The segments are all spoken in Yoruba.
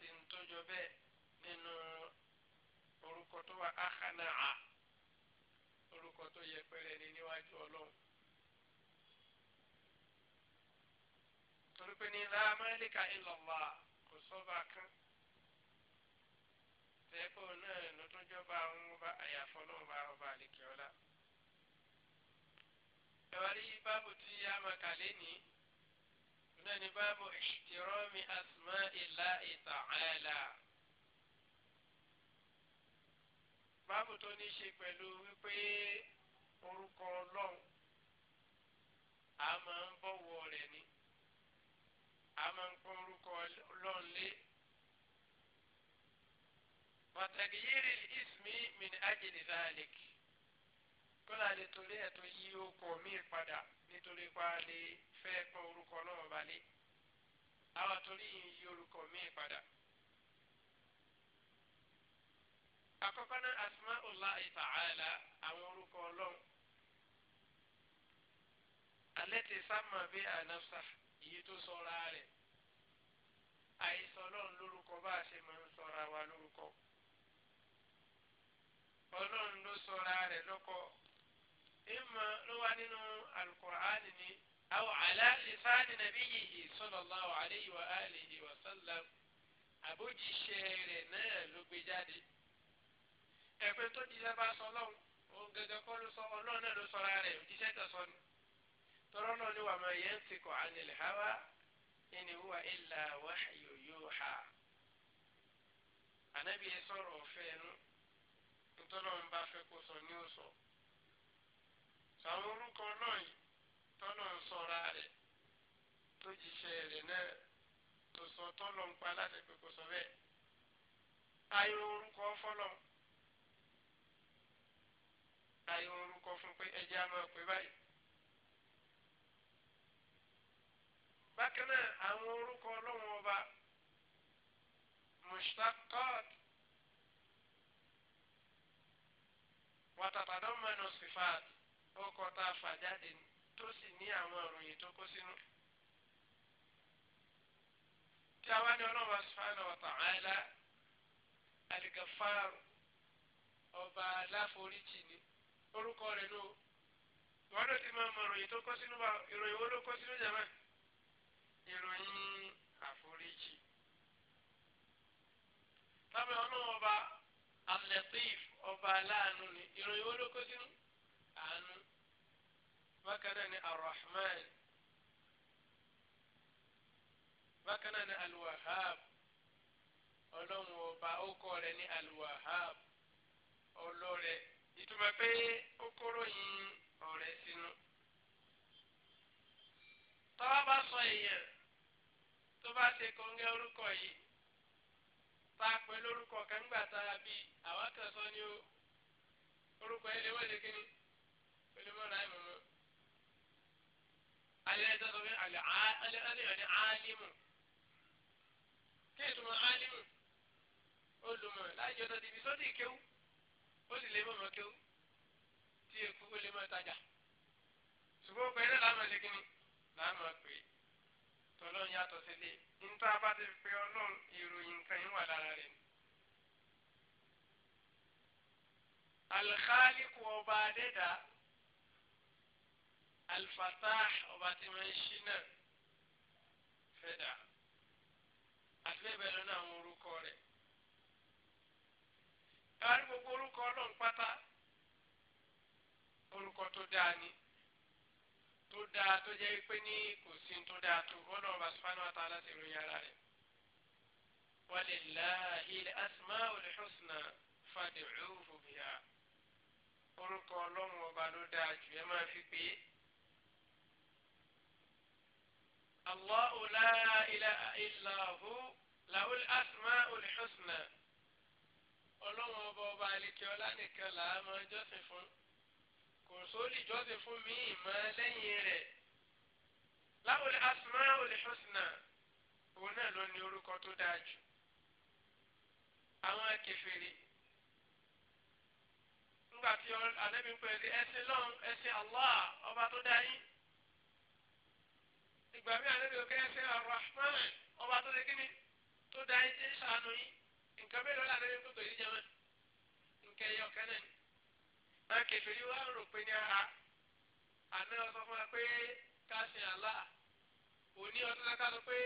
sí ń tọ́jọ́ bẹ́ẹ̀ nínú orúkọ tó wà áhánàá orúkọ tó yẹpẹrẹ ní níwájú ọlọ́run. torí pé ní la malika illallah kò sọ́ba kan tẹ́kọ̀ náà ló tó jọba àwọn ọba àyàfọ́ náà bá ọba àlekè ọ̀la. ẹ̀wárí báàbò tí a máa kà lé nìí náà ní báàbò ihtirami asma'illahi ta'ala. báàbò tó ní ṣe pẹ̀lú wípé orúkọ ọlọ́run a máa ń bọ̀wọ̀ rẹ̀ ni a máa ń pọ́n orúkọ ọlọ́run lé. وتغيير الاسم من أجل ذلك kọ́lá lè torí ẹ̀ tó yí okò míì padà nítorí pa lè fẹ́ pọ́n orúkọ náà balẹ̀ àwọn torí yí orúkọ míì padà. àkọ́kọ́ náà asma'ullahi ta'ala àwọn orúkọ ọlọ́run alẹ́ ti sáma bí ànáfsà èyí tó sọra rẹ̀ àìsàn ọlọ́run lórúkọ bá a ṣe máa ń sọra wa lórúkọ ọlọ́run ló sọra rẹ̀ lọ́kọ ìmọ̀ ló wá nínú alukur'ani ni. أو على لسان نبيه صلى الله عليه وآله وسلم àbójì ṣe rẹ̀ náà ló gbé jáde ẹ̀pẹ́ tó jíṣẹ́ bá sọ lọ́hùn òun gẹ́gẹ́ kọ́ ló sọ ọlọ́run náà ló sọra rẹ̀ òjíṣẹ́ tó sọ ni tọ́rọ́ náà ni wà máa yẹn ń tikọ̀ anil hawa in huwa illa wahyu yuha ànábì yẹn sọ̀rọ̀ ọ̀fẹ́ nu ntọ́nà ń bá fẹ́ kó sọ ní ó sọ sọ àwọn orúkọ náà yìí tọ́nà ń sọra rẹ̀ tó jíṣẹ́ rẹ̀ náà tó sọ tọ́nà ń pa láti pé kò sọ bẹ́ẹ̀. ayé orúkọ fọlọ́ ayé orúkọ fún pé ẹjẹ́ a máa pè báyìí. bákan náà àwọn orúkọ ọlọ́run ọba mushtaqat watatadọ́mọ̀nù sifat ó kọ́ tá a fà jáde ni tó sì ní àwọn ìròyìn tó kó sínú. tí a wá ní ọlọ́run subhanahu wa ta'ala al-Ghaffar ọba aláforíjì ni orúkọ rẹ̀ ló wọ́n ló ti máa mọ ìròyìn tó kó sínú wa ìròyìn wo ló kó sínú jàmá ìròyìn àforíjì. tábìlì ọlọ́run ọba al ọba aláàánú ni ìròyìn wo ló kó sínú àánú bákan náà ni arahman bákan náà ni alwahab ọlọ́run ọba ọkọ rẹ̀ ní alwahab ọlọ́rẹ̀ ìtumọ̀ pé ó kóró yin ọ̀rẹ́ sínú. tọ́wọ́ bá sọ èèyàn tó bá ṣe kọ́ńgẹ́ orúkọ yìí tá a pẹ́ lórúkọ kẹ́ńgbà tá a bí àwọn kan sọ ní orúkọ yìí lè wọ́n ṣe kí ni olùmọ̀ràn àìmọ̀mọ́ alẹ́ sọ́sọ́ pé alẹ́ alẹ́ alẹ́ alimu kí ìtumọ̀ alimu olùmọ̀ láyé ọ̀dọ̀ ti fi sọ́dọ̀ ìkéwú ó sì lè mọ̀mọ́ kéwú tí eku ó lè mọ̀ tajà ṣùgbọ́n pẹ̀lú làwọn ẹlẹ́gìn ni làwọn pè é tọ́lọ́run yàtọ̀ sílé níta bá ti pe ọlọ́run ìròyìn nǹkan yín wà lára rẹ̀ ni. alkhaliku ọba adẹ́dàá. Al-Fatah ọba tí wọ́n ń ṣí náà fẹ́dà àti bẹ́ẹ̀ bẹ́ẹ̀ lọ́nà àwọn orúkọ rẹ̀. Ẹ̀wárí gbogbo orúkọ ọlọ́run pátá orúkọ tó dáa ni tó dáa tó jẹ́ pé ní kò sí tó dáa tó ọlọ́run ọba Subhanahu wa ta'ala ti ara rẹ̀. Walillahi al-asma'ul husna fad'uhu biha orúkọ ọlọ́run ọba ló dáa jù ẹ máa fi pè الله لا إله إلا هو lahul الأسماء husna ọlọ́run ọba ọba àlekèọlá nìkan là á máa jọ́sìn fún kò sóòlì jọ́sìn fún mi ìmọ̀ lẹ́yìn rẹ̀ lahul asmaul husna òun náà ló ní orúkọ tó dáa jù àwọn kèfèrí ńgbà tí anábìpẹ̀lẹ́ ẹ̀sìn lọ́hùn ẹ̀sìn Allah ọba tó dá yín ìgbà mi àná ló kẹ́sẹ́ Ar-Rahman ọba tó ṣe kíni tó da ẹ ṣe ṣàánú yín nǹkan mélòó lànà yóò tó tó yín jẹun nǹkan ẹyọ kan náà ni. máa kẹfẹ́ yìí wá rò pé ní ara àná ọsọ fún wa pé ká ṣe Allah òní ọdún náà ká lọ pé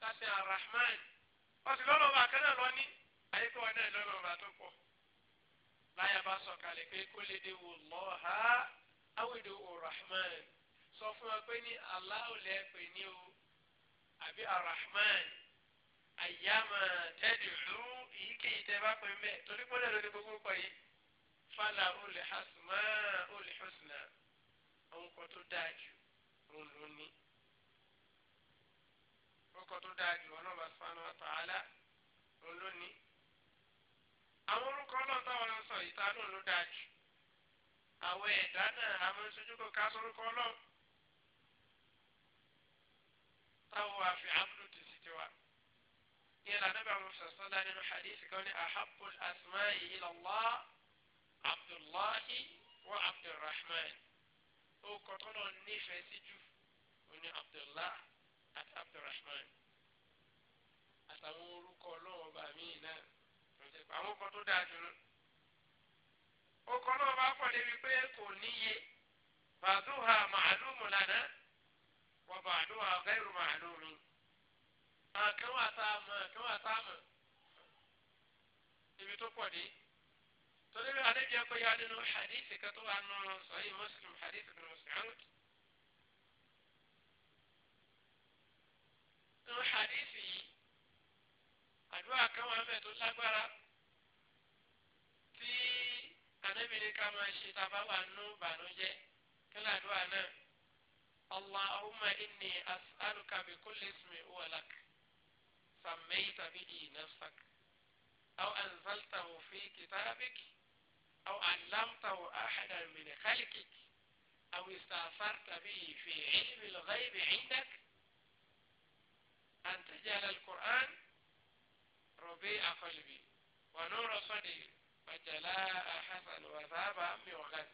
ká ṣe Ar-Rahman ọsùn lọ́nà ọba kan náà lọ ní àyíkó wa náà lọ́nà ọba tó pọ̀ láyà bá sọ̀kalẹ̀ pé kó lè dé wò lọ́ha awédè wò Rahman sọ fún wa pé ní Allahu lẹ pè ní o àbí arahman ayyama tad'u èyíkéyìí tẹ bá pè mbẹ torí pé lẹ́nu ní gbogbo kọ yìí fàlà olè hasùmá olè husna òun kọ tó dáa jù òun ló ní orúkọ tó dáa jù ọlọ́ba sanu àtàlà òun ló ní àwọn orúkọ náà táwọn sọ ìta náà ló dáa jù àwọn ẹ̀dá náà àmọ́ ìṣojú kò ká sórúkọ náà táwọn àfi amúlù ti sì ti wá. ìyẹn lànàbà àwọn sọ̀sọ́lá nínú hadith kan ní ahabul asma'i ila Allah abdullahi wa abdulrahman. ó kọ́ tọ́lọ̀ nífẹ̀ẹ́ sí jù ó ní abdullah àti abdulrahman. àtàwọn orúkọ ọlọ́wọ́ bá mi náà àwọn kan tó dáa jùlọ. ó kọ́ náà bá pọ̀ débi pé kò níye bàdúhà màálùmù lánàá wọ́n bá àdúrà gẹ́rù màánú mi. àkẹ́wò àtàmọ̀ àkẹ́wò àtàmọ̀ ibi tó pọ̀ dé. torí bí adébí ẹ̀kọ́ yá nínú hadith kan tó wà nù sọ́yìn Muslim hadith nù sàrùt. nínú hadith yìí àdúrà kan wà mẹ́ tó lágbára tí anábìrin ká máa ṣe tábà wà nù bànújẹ́ kí ládùúrà náà. اللهم إني أسألك بكل اسم هو لك سميت به نفسك أو أنزلته في كتابك أو علمته أحدا من خلقك أو استأثرت به في علم الغيب عندك أن تجعل القرآن ربيع قلبي ونور صدري وجلاء حسن وذاب أمي وغزل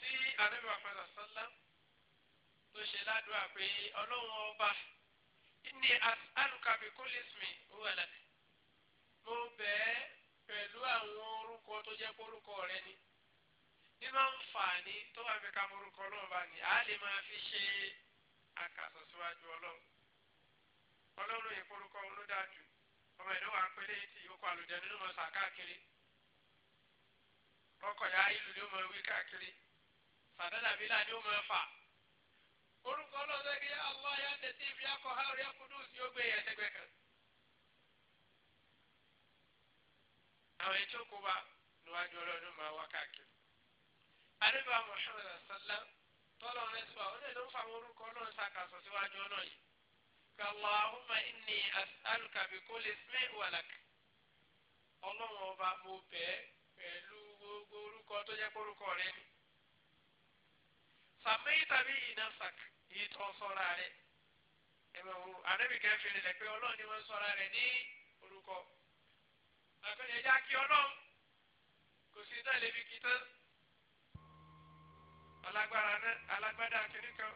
tí anabi muhammed sallá tó ṣe ládùúgbà pé ọlọ́run ọba ní alùkàbí kólésìmì wúwàlà mo bẹ́ẹ̀ pẹ̀lú àwọn orúkọ tó jẹ́ orúkọ rẹ ni nínú àǹfààní tó wà fẹ́ ká morúkọ ọlọ́run bá ní a lè máa fi ṣe àkàsọ̀ síwájú ọlọ́run ọlọ́run yìí porúkọ ọ̀hún ló dáa jù ọmọ ìlú wa ń pẹ́ lẹ́yìn tí ìyókù àlùjẹ nínú mọ̀ sàkáàkiri ọkọ̀ yà ìlú ni ó mọ̀ wí káàkiri fàdánàbílà ni ó máa fà orúkọ ọlọ́dọ̀ kí yá Allah yá tẹ̀sí ibi akọ ha rí akudus ni ó gbé yẹn sẹ́gbẹ́ kan. àwọn ẹni tó kó wa níwájú ọlọ́dún máa wá káàkiri. àdébà Muhammad sallam tọ́lọ̀ rẹ̀ sọ àwọn ẹni ń fa orúkọ ọlọ́run sàkàsọ síwájú ọlọ́run yìí. Allahumma inni as'aluka bi kulli ismi walak. ọlọ́run ọba mo bẹ́ẹ̀ pẹ̀lú gbogbo orúkọ tó jẹ́ pé rẹ ni sàmẹ́yì tàbí ìyìnà sàk yìí tó sọ́ra rẹ̀ ẹ̀mọ̀ o ànábìkẹ́ fi rẹ̀ pé ọlọ́run ni wọ́n sọ́ra rẹ̀ ní orúkọ àtúnyẹ já kí ọlọ́run kò sí náà lébi kí tán alágbára náà alágbádá kìíní kan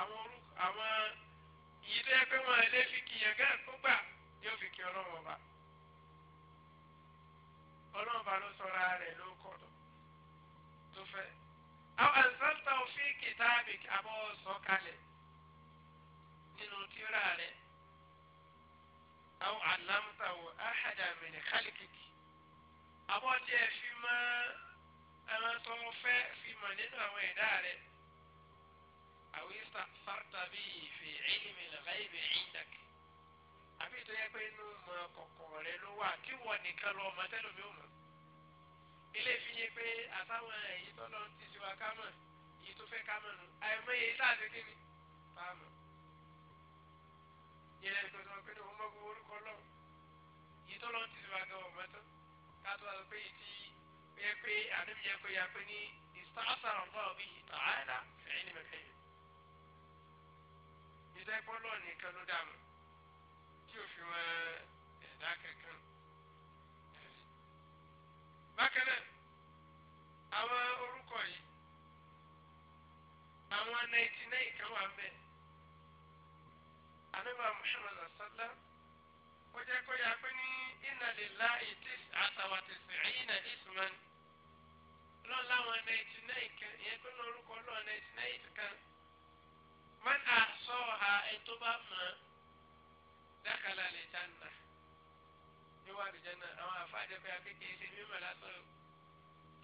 àwọn orúkọ àwọn yìí tó yẹ pé wọn lè fi kìyàn gán kó gbà yóò fi kí ọlọ́run ọba ọlọ́run ọba ló sọ́ra rẹ̀ ló kọ̀ tó fẹ́ àwọn àǹsánta òfin kìtàbí àbọ̀ sọ̀kalẹ̀ nínú tírà rẹ̀ àwọn àlámta wò áhàdà min kálíkìkì àbọ̀ tiẹ̀ fi mọ́ àwọn tó fẹ́ fi mọ̀ nínú àwọn ẹ̀dá rẹ̀ àwọn ìsàfàrta bíi fi ilmi al-ghaybi indaka àbí tó yẹ pé inú mọ̀ kọ̀kọ̀ rẹ̀ ló wà kí wọ́n nìkan lọ́ọ́ mọ̀ tẹ́lómi ò mọ̀ ilé fi yé pé àtàwọn èyí tó lọ ti ṣe wa ká mọ̀ èyí tó fẹ́ ká mọ̀ nù àìmọ̀ èyí tá a ṣe kíni bá a mọ̀. yẹlẹ ní pẹ̀lú pé òun mọ̀ gbogbo orúkọ lọ èyí tó lọ ti ṣe wa gan ọ̀mọ́ tán ká tó a sọ pé èyí tí yẹ pé àdébí yẹ pé yà pé ní ìsàkásàrà ọ̀gbà òbí yìí tààlà fẹ́ẹ́ ni mẹ́fẹ́ yìí. ìdẹ́gbọ́n lọ́ọ̀ nìkan ló dà mọ́. ninety nine kan wà mbẹ anaba muhammad asala kọjá kọjá pé ní inna lillahi tis'ata wa tis'ina isman lọ́la wọn ninety nine kan ìyẹn pé lórúkọ lọ́wọ́ ninety nine kan man ahsaha ètò bá mọ̀ dakhala al-jannah yóò wà jẹ́ náà àwọn afáàjẹ́ pé akékeré ṣe mímọ̀ lásán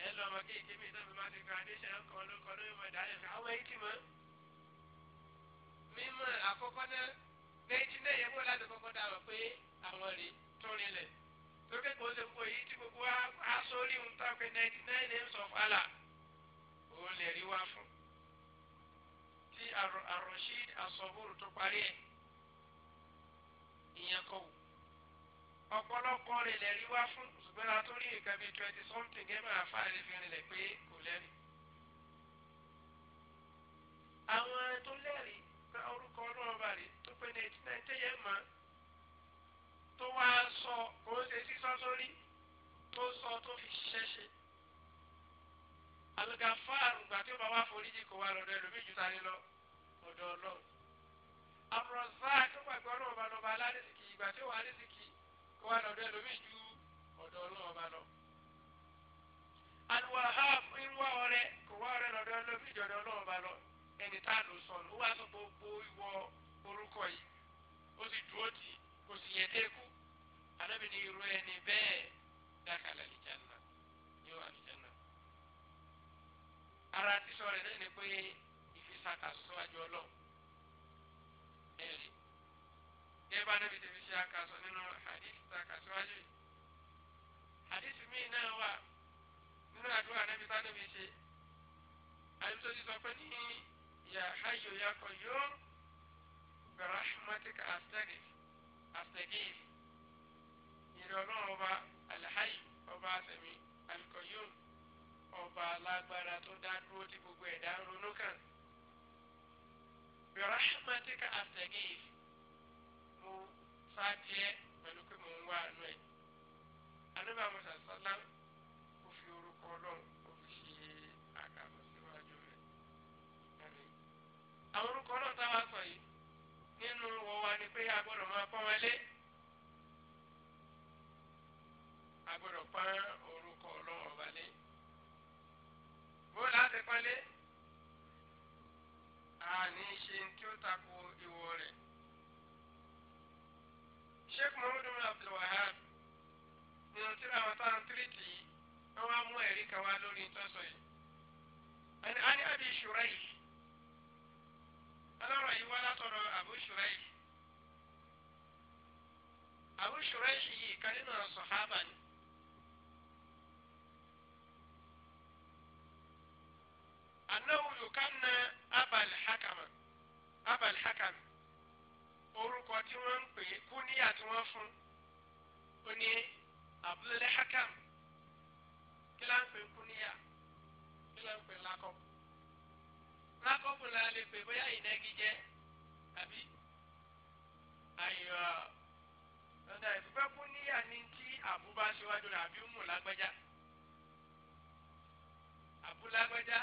ẹ lọ ọmọ kéèké mi tó fi máa fi gradation kan ló kọ lórí mọ̀dá yẹn àwọn èyí ti mọ̀ mímọ̀ àkọ́kọ́ náà méjì náà yẹ kó láti kọ́kọ́ dà wọ́n pé àwọn rè tọrin lẹ̀ lókè kó ṣe gbogbo èyí tí gbogbo aṣọ orí ń tà pé ninety nine names of Allah òun lè rí wá fún tí àròṣí àsọ̀bùrù tó parí ẹ̀ ìyẹn kọ̀ wù ọ̀pọ̀lọpọ̀ rẹ̀ lè rí wá fún ṣùgbọ́n a tó rí nǹkan bíi twenty something ẹ̀ máa fà lè fi rinlẹ̀ pé kò lẹ́rìí. àwọn tó lẹ́rìí gba orúkọ ọlọ́run bá rè tó pé ní eighty nine tẹ́yẹ̀ mọ́ tó wá sọ kò ń ṣe sísọ sórí tó sọ tó fi ṣiṣẹ́ ṣe. àlùkà fáàrù gbà tí ó bá wá foríjì kò wá lọ́dọ̀ ẹlòmíì jù sáré lọ ọ̀dọ̀ ọlọ́run. àmọ̀ràn sáà tó gbàgbọ́ ọlọ́run bá lọ́ba alárìsìkì ìgbà tí ó wà alárìsìkì kwan odelo wiju odolo mano an wahaf in wore kwan odelo wiju odolo mano en tano son uwaso boboi wo urukoi osi duoti osi yeteku anabi ni irwe ni be dakala ni chanda nyo ani chanda arati sore nene kwe ifisata soa jolong Nabi ti fi ṣe àkàsọ nínú hadith takàsíwájú yìí hadith míì náà wà nínú àdúrà Ànábì tánàbí ṣe àyùtò ti sọ pé ní ya hayyu ya qayyum bi rahmatika astaghif astaghif ìrọ̀lọ́ ọba alhayyu ọba àsẹ̀mí alqayyum ọba alágbára tó dá dúró tí gbogbo ẹ̀dá ronú kàn bi rahmatika fàdíẹ pẹ̀lú pé mò ń wá àánú ẹ̀ àdébà musa sọlá kò fi orúkọ ọlọ́run kò fi ṣe àgàmọ̀ síwájú rẹ̀ àwọn orúkọ ọlọ́run táwa sọ yìí nínú wọ wa ni pé a gbọ́dọ̀ máa pọ́n wọn lé a gbọ́dọ̀ pọ́n orúkọ ọlọ́run ọba lé bó láti pọ́n lé àní ṣe tí ó tako ìwọ sheikh muhammad bin abdul wahab nínú tí àwọn tó ń tiriti yìí wọn wá mú ẹ̀rí kan wá lórí ìtọ́sọ yìí ẹni á ní àbí ìṣúra yìí ọlọ́rọ̀ yìí wá látọ̀rọ̀ àbú ìṣúra yìí àbú yìí kan nínú sàhábà ni. أنه يكن أبا الحكم أبا الحكم orúkọ tí wọ́n ń pè é kúníyà tí wọ́n fún ó ní Abdul Hakam kí ló ń pè kúníyà kí ló ń pè lákọ̀bù lákọ̀bù la lè pè bóyá ìnagijẹ àbí àyọ̀ ọ̀dà ìdúpẹ́ kúníyà ní tí àbúbá ṣíwájú rẹ̀ àbí umu lágbájá àbú lágbájá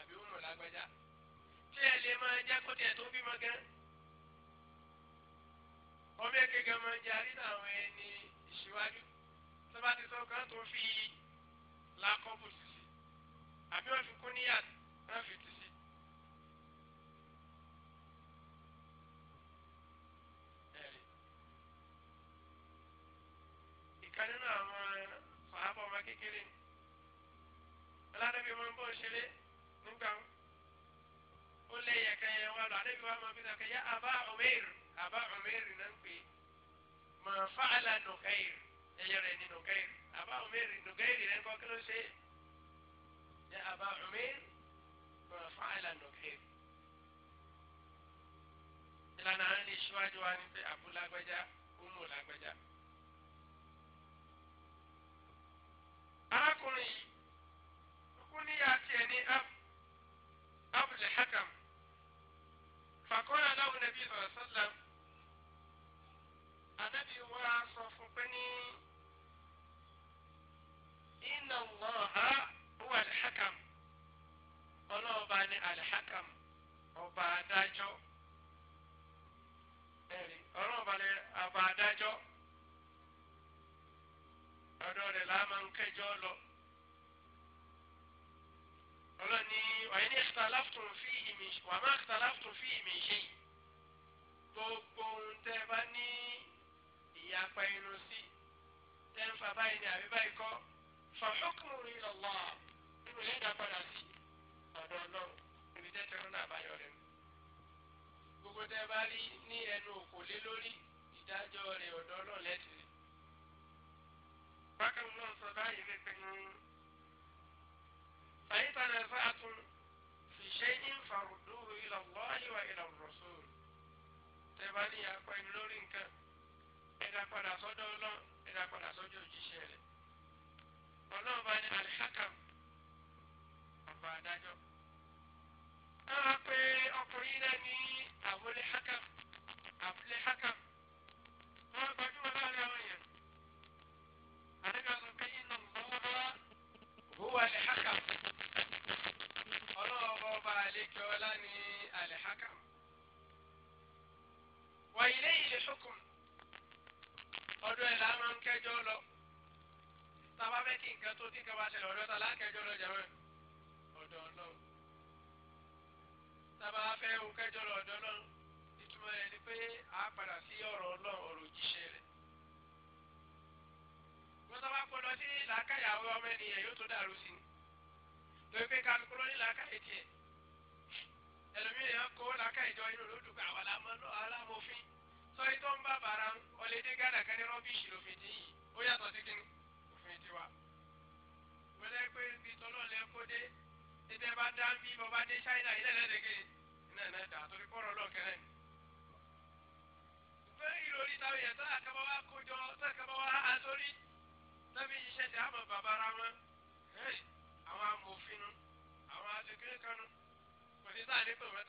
àbí umu lágbájá tí ẹ lè máa jẹ́ kó tiẹ̀ tó bímọ gan ọbẹ̀ gẹ́gẹ́ máa ń jẹ àrí àwọn ẹni ìṣíwájú tó bá ti sọ kan tó fi làkọ́bù sí sí àbí wọ́n fi kún níyà wọ́n fi tì sí. ìkan nínú àwọn sàábọ̀ ọmọ kékeré ni alárẹ́bí ọmọ ń ṣeré nígbà wọn ó lẹ́yìn ẹ̀ka yẹn wá lọ àdébí wa máa fi sàkè yá abá ọmẹ́rì abá ọmẹ́rì náà ń pè máa fàálà nùkẹ́yìrì ẹ̀yẹ rẹ̀ ní nùkẹ́yìrì abá ọmẹ́rì nùkẹ́yìrì rẹ̀ kọ́ kí ló ṣe yá abá ọmẹ́rì máa fàálà nùkẹ́yìrì. ìlànà àwọn ilé ìṣíwájú wa ní pé àbúlágbájá ọmọ làgbájá. arákùnrin yìí kúníyà tiẹ̀ ní abdulhakam fàkọ́lá láwùn nàbí ọ̀sọ́lá ànábì wa sọ fún pé ní iná lọ́ha wà alḥakam ọlọ́ọ̀ba ní alḥakam ọba adájọ́ ọlọ́ọ̀ba ní ọba adájọ́ ọ̀dọ́ rẹ̀ láàmú kẹjọ́ lọ ọlọ́ni ọ̀yẹ́ ní ikhtalaftum fihi min wa ma ikhtalaftum fihi min shay gbogbo ohun tẹ́ bá ní ìyapa inú sí tẹ́ ń fa báyìí ní àbí báyìí kọ́ fa hukmuhu ila Allah nínú ilé ìdá padà sí ọ̀dọ̀ ọlọ́run ibi tẹ́ tẹ́rọ náà bá rẹ̀ gbogbo tẹ́ bá rí ní ẹnu òkò lé lórí ìdájọ́ rẹ̀ ọ̀dọ̀ ọlọ́run lẹ́sìn. bákan náà sọ báyìí tẹ́bá ní apá ẹni lórí nǹkan ẹ̀dá padà sọ́dọ̀ ọlọ́run ẹ̀dá padà sọ́dọ̀ òjíṣẹ́ rẹ̀ ọlọ́run bá ní alihakam ọba adájọ́ náà pé ọkùnrin náà ní àbúlé hakam àbúlé hakam wọ́n gbajúmọ̀ láàrin àwọn èèyàn àdébí ọ̀sán pé iná lọ́wọ́ huwa alihakam ọlọ́run ọba àlejò ọlá ní alihakam. kẹjọ lọ tába fẹ́ kí nǹkan tó dín kaba ṣẹlẹ̀ ọ̀dọ́ ta lákẹjọ lọ jẹ́ wẹ̀ ọ̀dọ́ lọ tába fẹ́ wo kẹjọ lọ ọ̀dọ́ lọ ìtumọ̀ rẹ̀ ni pé a padà sí ọ̀rọ̀ náà ọ̀rọ̀ jíṣẹ́ rẹ̀ wọ́n tába kó lọ sí làákàyàwó ọmọ ènìyàn yóò tó dàrú sí i lórí pé kálukú ló ní làákàyè tiẹ̀ ẹlòmíràn kó làákàyè jọ inú lódùgbà wà lámọ́ alámọ́fín sọ ètò ń bá bàrà ń ọlẹ́ dé gánà kan ní rọ́bìṣì lófin ti yìí ó yàtọ̀ sí kíni òfin tiwa. wọlé pé ibi tọ́lọ́ lẹ kó dé tètè bá dá ń bí bọ́bá dé China ilẹ̀ lẹ́dẹ̀kẹ́ iná náà dà torí pọ́rọ̀ lọ́kẹ́rẹ́ ni. pé ìròrí táwọn èèyàn tó àkàbọ̀ wá kójọ tó àkàbọ̀ wá àtórí tẹ́bí iṣẹ́ ti àmọ̀ bàbára wọn àwọn amòfin nu àwọn aṣèkéré kanu kò sí sáà ní pè wọ́n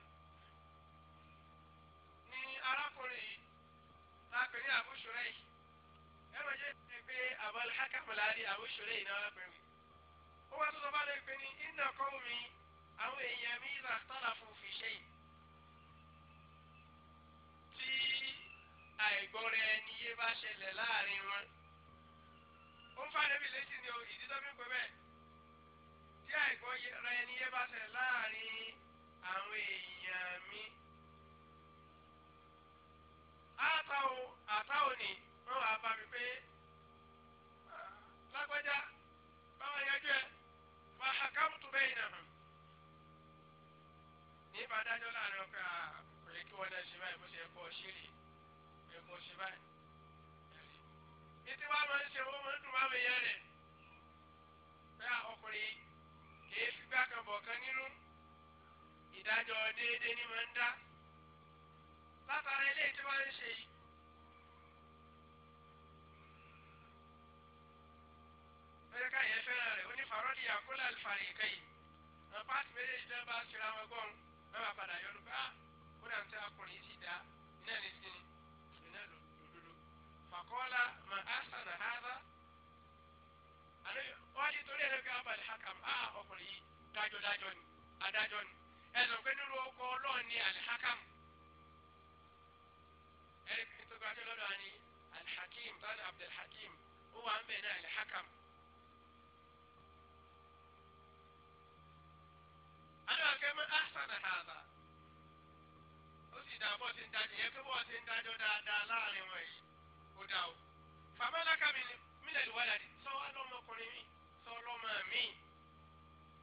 àwọn ìṣòro yìí náà bẹ̀rẹ̀ mi. ó wá tó sọ bá lẹ́yìn pé ní iná kọ́ mi àwọn èèyàn mi là tọ́lá fún fi ṣe yìí. tí àìgbọ́ra ẹni yé bá ṣẹlẹ̀ láàrin wọn. ó ń fa ẹbí létí ni ìdí tó fi pé bẹ́ẹ̀. tí àìgbọ́ra ẹni yé bá ṣẹlẹ̀ láàrin àwọn èèyàn mi. àtàwọn àtàwọn ni wọ́n wá bá mi pé lágbájá báwa yanjú ẹ wà á kámú tó bẹ́ẹ̀ yìnyín hàn. ní ìbádájọ́ láàrin ọkọ̀ kò yẹ kí wọ́n náà ṣe báyìí bó ṣe kọ́ ṣe rè é kó ṣe báyìí. títí wàá máa ń ṣe owó máa ń dùn máa ń yẹn rẹ̀ pé ọkùnrin kìí figbá kan bọ̀ kan nínú ìdájọ́ déédéé ni máa ń dá látara ilé tí wọ́n ń ṣe yìí. lọ́jọ́ káyẹ̀ fẹ́ràn rẹ̀ ó ní fàrọ́dì àkólà fàrí kẹ́yì àwọn pààtì méjèèjì náà bá ṣe ra wọn gbọ́n náà bá padà yọnu bá ah! ó dà ń tẹ́ ọkùnrin yìí sì iná ní sí ni iná lòdòdó fàkọ́lá mà á sànà áza wọ́n ti torí ẹ̀rọ kí abalẹ̀ hakam á ah, ọkùnrin yìí dájọ́ dájọ́ ni adájọ́ ni ẹ̀sùn pé nínú ọkọ̀ ọlọ́run ni alẹ́ hakam ẹ̀rí tó gbájọ́ lọ́dọ̀ àní alẹ́ hakim tani abdul ó wà ń bẹ̀ ní alẹ́ hakam. aláwọ̀ kẹ́ mọ́ àṣàna àbá ó sì dá bọ́ sí ń dájọ́ yẹ kí wọ́n ti ń dájọ́ dáadáa láàrin wọn yìí ó dá o fàmọ́láka mi mílẹ̀ ìwádà di sọ wá lọ́mọkùnrin mi sọ lọ́mọ mi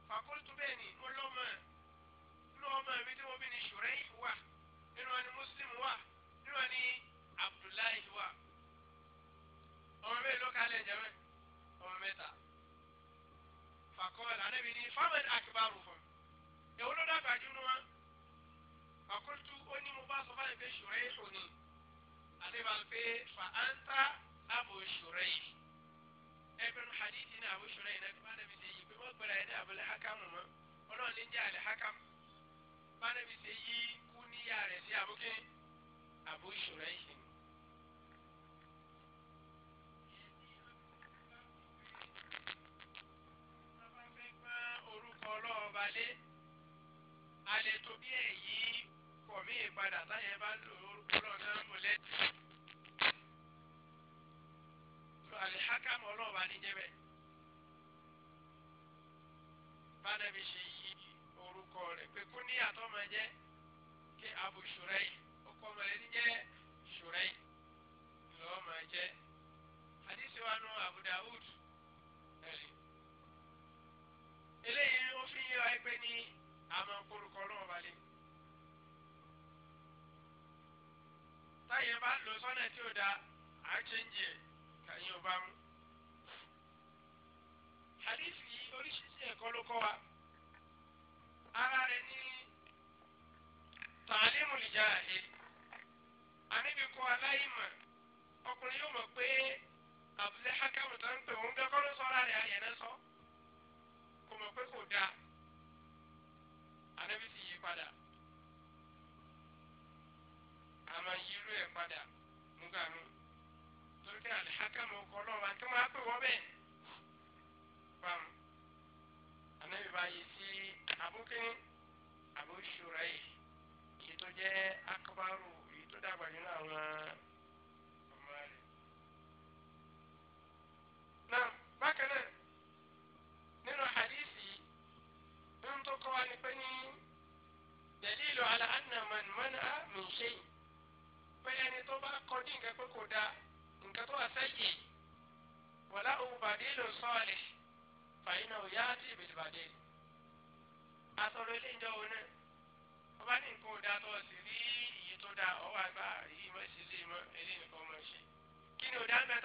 fàkóòtù bẹ́ẹ̀ ni mo lọ́mọ inú ọmọ mi tí mo bí ni ṣùrẹ́yì wà nínú ẹni mùsùlùmí wà nínú ẹni abdullahi wà ọmọ mi ló kalẹ̀ jẹ́mẹ́ ọmọ mẹ́ta fàkọ́ọ̀lù anábìíní fáwọn àkìbárù fún mi èwo ló dàgbà jù nù wọn ọkùnrin ó ní mo bá sọ fún àyẹ̀fẹ́ ṣùrẹ́ ìṣò ni àlebà pé fa anta abu ṣùrẹ́ yìí ẹgbẹ́ nu hadithi ní abu ṣùrẹ́ yìí nàbí bánàbí ṣe yí pé wọ́n gbọ́dọ̀ ẹni abúlé hakamu mọ́ ọlọ́run ní jẹ́ àlẹ́ hakamu bánàbí ṣe yí kú níyà rẹ̀ sí abúké abu ṣùrẹ́ yìí. Ọlọ́ọ̀ba lé a lè tó bí èyí kọ̀ mí ìpadà táyẹ̀ bá lò orúkọ náà mú lẹ́tì. tó àlè hákàmù ọlọ́ọ̀bá ní jẹ́ bẹ́ẹ̀. bánẹ́bí ṣe yí orúkọ rẹ̀ pé kó ní àtọ́mọ jẹ́ kí abu ṣùrẹ́yì ọkọ ọmọ rẹ̀ ní jẹ́ ṣùrẹ́yì lọ́ọ́ máa jẹ́ àdìsí wa nù abu dawud. eléyìí ó fi yọ ẹgbẹ́ ní àmọ́ forúkọ lọ́wọ́ balẹ̀. táyé bá lọ sọ́nà tí ó da á chẹ́ǹjì ẹ̀ kàyín ọba mú. hadith yìí oríṣiríṣi ẹ̀kọ́ ló kọ́ wa. ara rẹ̀ ní tàlímù lìjà àlè. àníbi kọ́ aláìmọ̀ ọkùnrin yóò mọ̀ pé àbúlé hákàmù tó ń pè wọ́n gbẹ́kọ́ ló sọ ara rẹ̀ ayẹ̀ náà sọ. kò mọ̀ pé kò dáa anabi sì yí padà àmà yírú ẹ̀ padà nùgànú torí kí alihakamu ọkọ̀ lọ́wọ́ àti wọn á pè wọ́n bẹ́ẹ̀ fam anabi bá yí sí abúkíní abúṣúra yìí èyí tó jẹ́ akabaru èyí tó dàgbà nínú àwọn.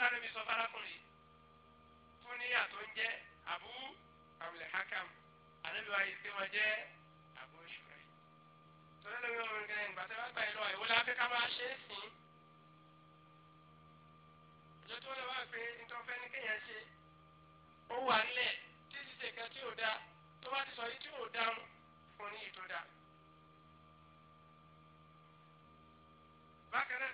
sáré mi sọ fárákùnrin tó níyà tó ń jẹ́ àbú àmìlẹ̀ hákàm ànábi wa yìí pé wọ́n jẹ́ àbú ṣùgbọ́n yìí. torí lómi wọn gbẹ ìgbà tó bá gbà yìí lọ ìwọlé afẹ́ká máa ṣe é sìn. ìjọ tó lọ wá pé nítorí fẹ́ ní kéèyàn ṣe ó wà nílẹ̀ tí ti ṣe kan tí ò da tó bá ti sọ yìí tí ò dáhùn fún ní ìtò da. bákan náà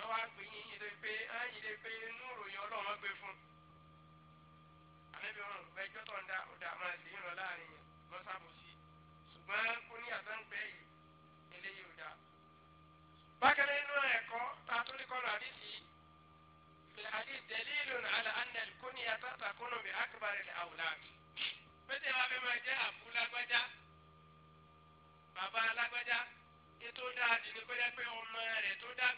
lọ́wọ́ àgbè yín yín lè pé á yín lè pé inú ròyìn ọlọ́run gbé fún. àlẹ́bí ọ̀run ẹjọ́ tó ń da ọ̀dà máa lè yín lọ láàrin yẹn lọ́sàbò sí ṣùgbọ́n kó ní àtàǹgbẹ́ yìí eléyìí ò dáa. bákan nínú ẹ̀kọ́ ta tó lè kọ́ àdìsí الحديث دليل على أن الكنية تكون بأكبر الأولاد bẹ́tẹ̀ wá fẹ́ máa jẹ́ àbú lágbájá bàbá lágbájá ètò dáadé ní kọjá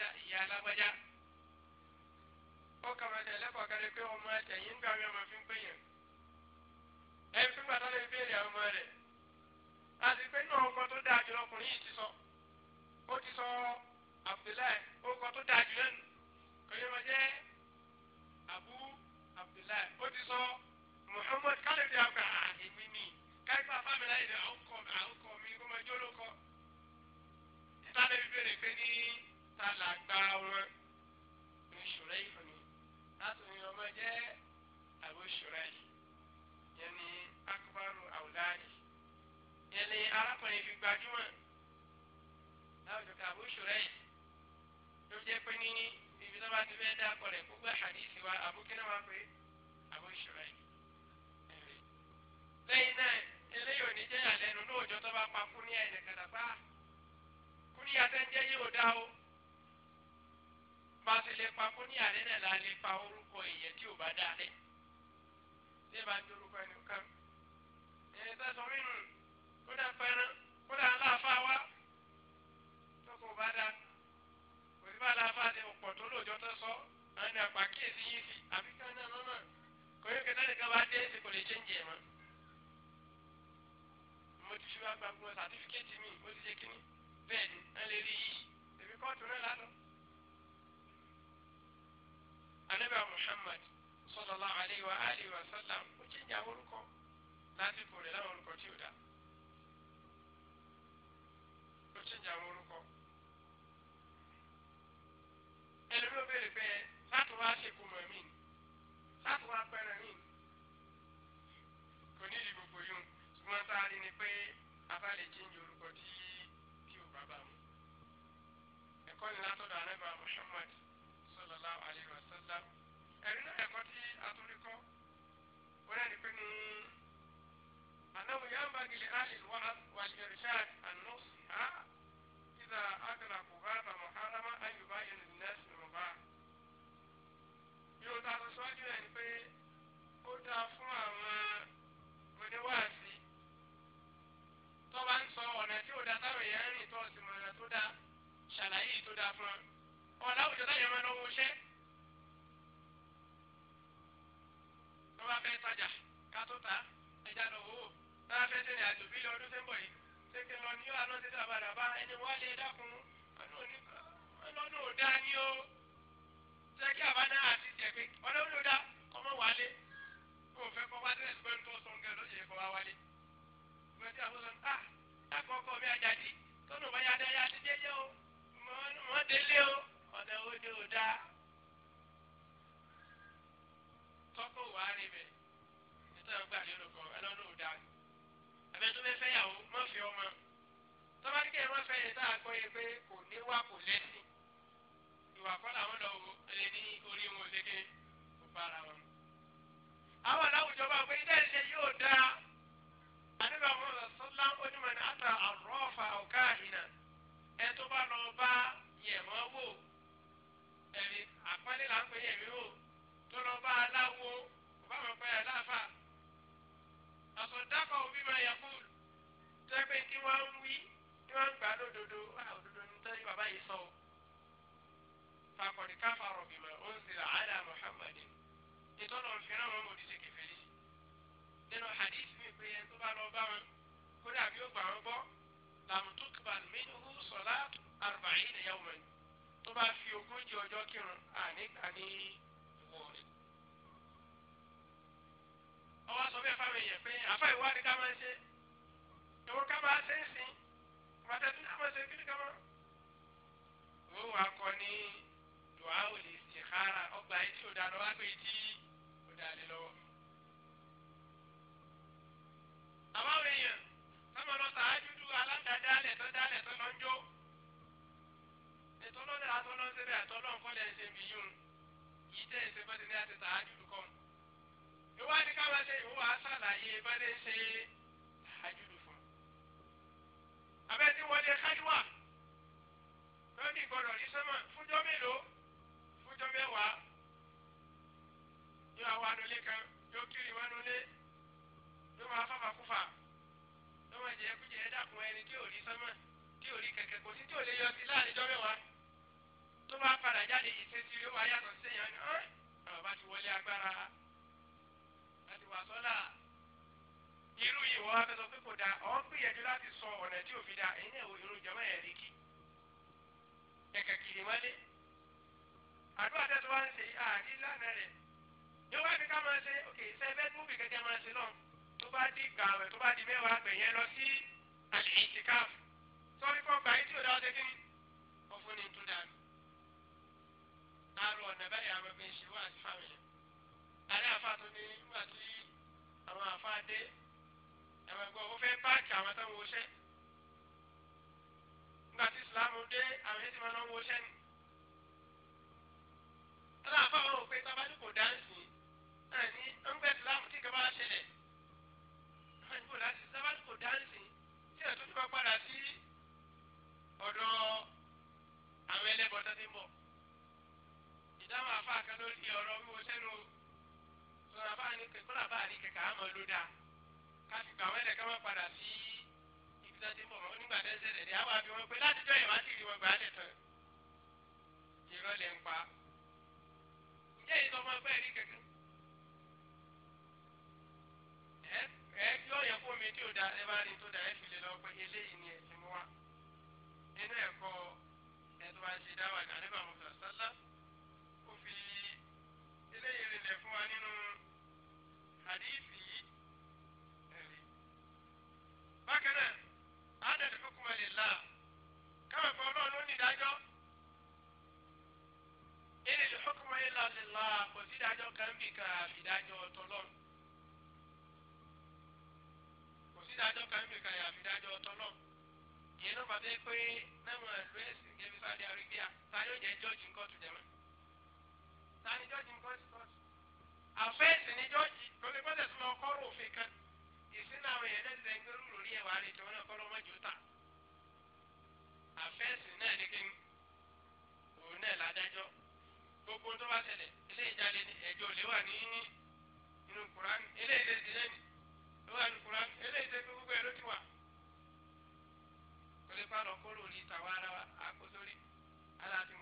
lágbájá ìyá lágbájá ó kàwọn ẹsẹ lẹkọọ kan pé ọmọ ẹtẹyìn gbà mí ọmọ fi ń gbẹyàn ẹ fi gbàtọ lè béèrè àwọn ọmọ rẹ àti pé náà ọkọ tó dáa jùlọ ọkùnrin yìí ti sọ ó ti sọ Abdullahi ọkọ tó dáa jùlọ nù kòyè wọn jẹ Abu Abdullahi ó ti sọ Muhammad kálíbi àgbà àhìmí mi káyipá fámìlà yìí lè àwọn kọ mi kó máa jóló kọ ìtàlẹ́bí béèrè pé ní tálàgbà wọn ní ṣùrẹ́ ìfún ni láti ní ọmọ jẹ́ àbò ṣùrẹ́ yìí yẹn ni akọbárò àwùdáàdì yẹn ni arákùnrin fi gbajúmọ̀ láwùjọ kí àbò ṣùrẹ́ yìí ló jẹ́ pé ní ibi tó bá ti fẹ́ dá akọ rẹ̀ gbogbo àdìsí wa àbókínà máa pé àbò ṣùrẹ́ yìí. lẹ́yìn náà eléyìí ò ní jẹ́ ìyàlẹ́nu lóòjọ́ tó bá pa kú ní ẹ̀ẹ́dẹ̀kadà bá kú ní atẹ́ńjẹ́ yìí dá o bá ti lè pa kó ní àárẹ̀ náà la lè pa orúkọ èèyàn tí ò bá dáa rẹ̀ tí ẹ bá ń di orúkọ ẹni kan ẹ̀yẹ tẹ́ sọ nínú kódà pẹ́ẹ́rán kódà aláàfáà wá tókò bá dáa kò sí bá aláàfáà ti pọ̀ tó lóòjọ́ tó sọ àwọn ènìyàn pàkíyèsí yìí sí àbí kan náà lọ́nà kò yẹ kẹta nìkan bá dé èsì kò lè ṣe ń jẹ mọ́ mo ti fi wá gbàgbọ́ sàtífíkẹ́tì mi ó ti ṣe kíní bẹ́ẹ̀ ni ẹ lè rí yìí èmi kóòtù náà lánàá anabi muhammad sallallahu alayhi wa alihi wa sallam ó ti yàn orúkọ lásìkò rẹ̀ láwọn orúkọ tí ó dá ó ti yàn orúkọ ẹlòmí ó béèrè pé láti wá ṣèkú mọ̀ mí láti wá pẹ́rẹ́ mí kò ní ìdí gbogbo yóò ṣùgbọ́n tá ni pé a bá lè jíǹde orúkọ tí tí ò mu ẹ̀kọ́ ni látọ̀dọ̀ anabi muhammad sallallahu alayhi wa sallam ẹ̀rí náà ẹ̀kọ́ tí a tún rí kọ́ ó rẹ̀ ní pé ní anáwó yàmbá gili áhì wà ìrìṣàd àná ha ìdá àgbàlá kò bá bà mọ̀ hárámà ayùbá yẹn ní nẹ́ẹ̀sì ní bàbá. yóò ta sọ́jú ẹ̀ ní pé ó dáa fún àwọn oníwàásí tó bá ń sọ ọ̀nà tí ó da táwọn èèyàn rìn tó ọ̀sìn mọ̀ọ́nà tó dáa ṣàlàyé tó dáa fún ọ ọ̀la òjò táyà máa lọ́wọ́ iṣẹ́ tó bá fẹ́ tajà ká tó ta ẹja lọ wò ó tá a fẹ́ tẹ̀lé àjò bí ilé ọdún tẹ́ ń bọ̀ yìí ṣé kí n lọ ní àná títí àbàdà bá ẹni wọ́n á lè dákun ọlọ́run ò dá ní o ṣé kí àbádá àti tiẹ̀ pé ọlọ́run ò dá ọmọ wálé kó o fẹ́ kọ́ wá tẹ̀lé ṣùgbọ́n tó sọ nǹkan lọ́sẹ̀ kọ́ wá wálé ṣùgbọ́n tí a sọ sọ ah lákọ̀ọ́kọ́ mi àjàdí tọ́nù bá yá dá yá ti délé o ọ̀dà òde òdá tọ́kọ̀ wà á rí bẹ̀ nítorí ọgbà lérò kọ ẹlọ́dún òdá abẹ́tú bẹ́ẹ̀ fẹ́yàwó má fi ọmọ tọ́bánikẹ́ má fẹ́ yẹn tá a gbọ́ yẹ pé kò ní wá kò lẹ́sìn ìwà kọ́ làwọn lọ wò ẹ ní orí wọn ṣe ké kó bá ara wọn. àwọn aláwùjọ bá gbé máa ṣe ok ṣe ẹ bẹ́ẹ̀ múbi kẹ́kẹ́ máa ṣe náà tó bá di ìgbà rẹ̀ tó bá di mẹ́wàá gbẹ̀ yẹn lọ sí àlè ìtìkáàfù sọ́rí fún ọgbà yìí tí ò dáwọ́ ṣe kí ni ọ̀fun ni tún dànù. àrò ọ̀nà báyìí àwọn ọmọ ìṣe wà sí fáwọn yẹn. alẹ́ àfa tó ní wà sí àwọn àfa dé ẹ̀wọ̀n ẹ̀gbọ́n ó fẹ́ páàkì àwọn tó ń woṣẹ́. nígbà tí ìsìlámù dé àwọn yẹn ti máa ń woṣẹ́ ni àní ń gbẹ́ ìsìlámù tí kaba ṣẹlẹ̀ àwọn ìbò láti sábàtì kò dáǹsì tí ẹ̀ tó ti bá padà sí ọ̀dọ̀ àwọn ẹlẹ́bọ̀ tó ti ń bọ̀ ìdáhùn àfa kan lórí ọ̀rọ̀ wíwo sẹ́nu sọ̀rọ̀ àbá ní kẹ́kọ̀ọ́ àbá ní kẹ̀kẹ́ àmọ́ ló dáa ká fi gbà wọ́n lẹ̀ ká má padà sí ibi tó ti ń bọ̀ wọ́n nígbà tó ń ṣẹlẹ̀ dé àwọn àbí wọn pé láti jọ ìwà sí ìwọ̀n gbà lẹ̀ tán ìrọ̀lẹ̀ ń pa ǹjẹ́ ìtọ́ ọmọ ẹgbẹ́ rí kẹ̀kẹ́ ọ̀fẹ́ tí ó yẹ fún mi tí ó da ẹ bá rí tó da ẹ fi lè lọ pé eléyìí ni ẹ̀sìn mú wa nínú ẹ̀kọ́ ẹ̀tọ́ wa ṣe dáwà ní àdébà mọ̀tà sálá ó fi eléyìí rinlẹ̀ fún wa nínú àdífì yìí ẹ̀rí. bákan náà àádọ́dẹ fúnkún wa lè la káwọn ẹ̀kọ́ ọlọ́run ló ní ìdájọ́ ìrìnlẹ̀ fúnkún wa lè la lè la kò sí ìdájọ́ kan bí ká ìdájọ́ tọ́lọ́run. dájọ́ kan mímì kan yàfi dájọ́ ọtọ́lọ́ ìyẹn náà bàbá pé náwọn ìlú ẹ̀sìn gẹ́gẹ́ bí Saudi Arabia ta yóò jẹ́ jọ́ọ̀jì ńkọ́tù jẹ́mọ́ ta ni jọ́ọ̀jì ńkọ́tù kọ́tù àfẹ́sì ni jọ́ọ̀jì lórí gbọ́dọ̀ sí máa kọ́rọ̀ òfin kan ìsìn àwọn èèyàn náà ti dẹ̀ ń gbé rúrò rí ẹ̀wà rẹ̀ tí wọ́n náà kọ́ lọ́mọ jù tà àfẹ́sì náà ni kí òun náà ládájọ́ gbogbo tó bá ṣẹlẹ̀ ilé ìjà ilé ẹjọ́ lè wà ní inú Kùránì ilé ìlẹ̀ ìdílé ni ló wà lùkùrá eléyìí tẹ́ fi gbogbo ẹ̀ ló ti wà. torí pàrọ̀ kóró ní tàwa ara wa àkóso rí aláàtì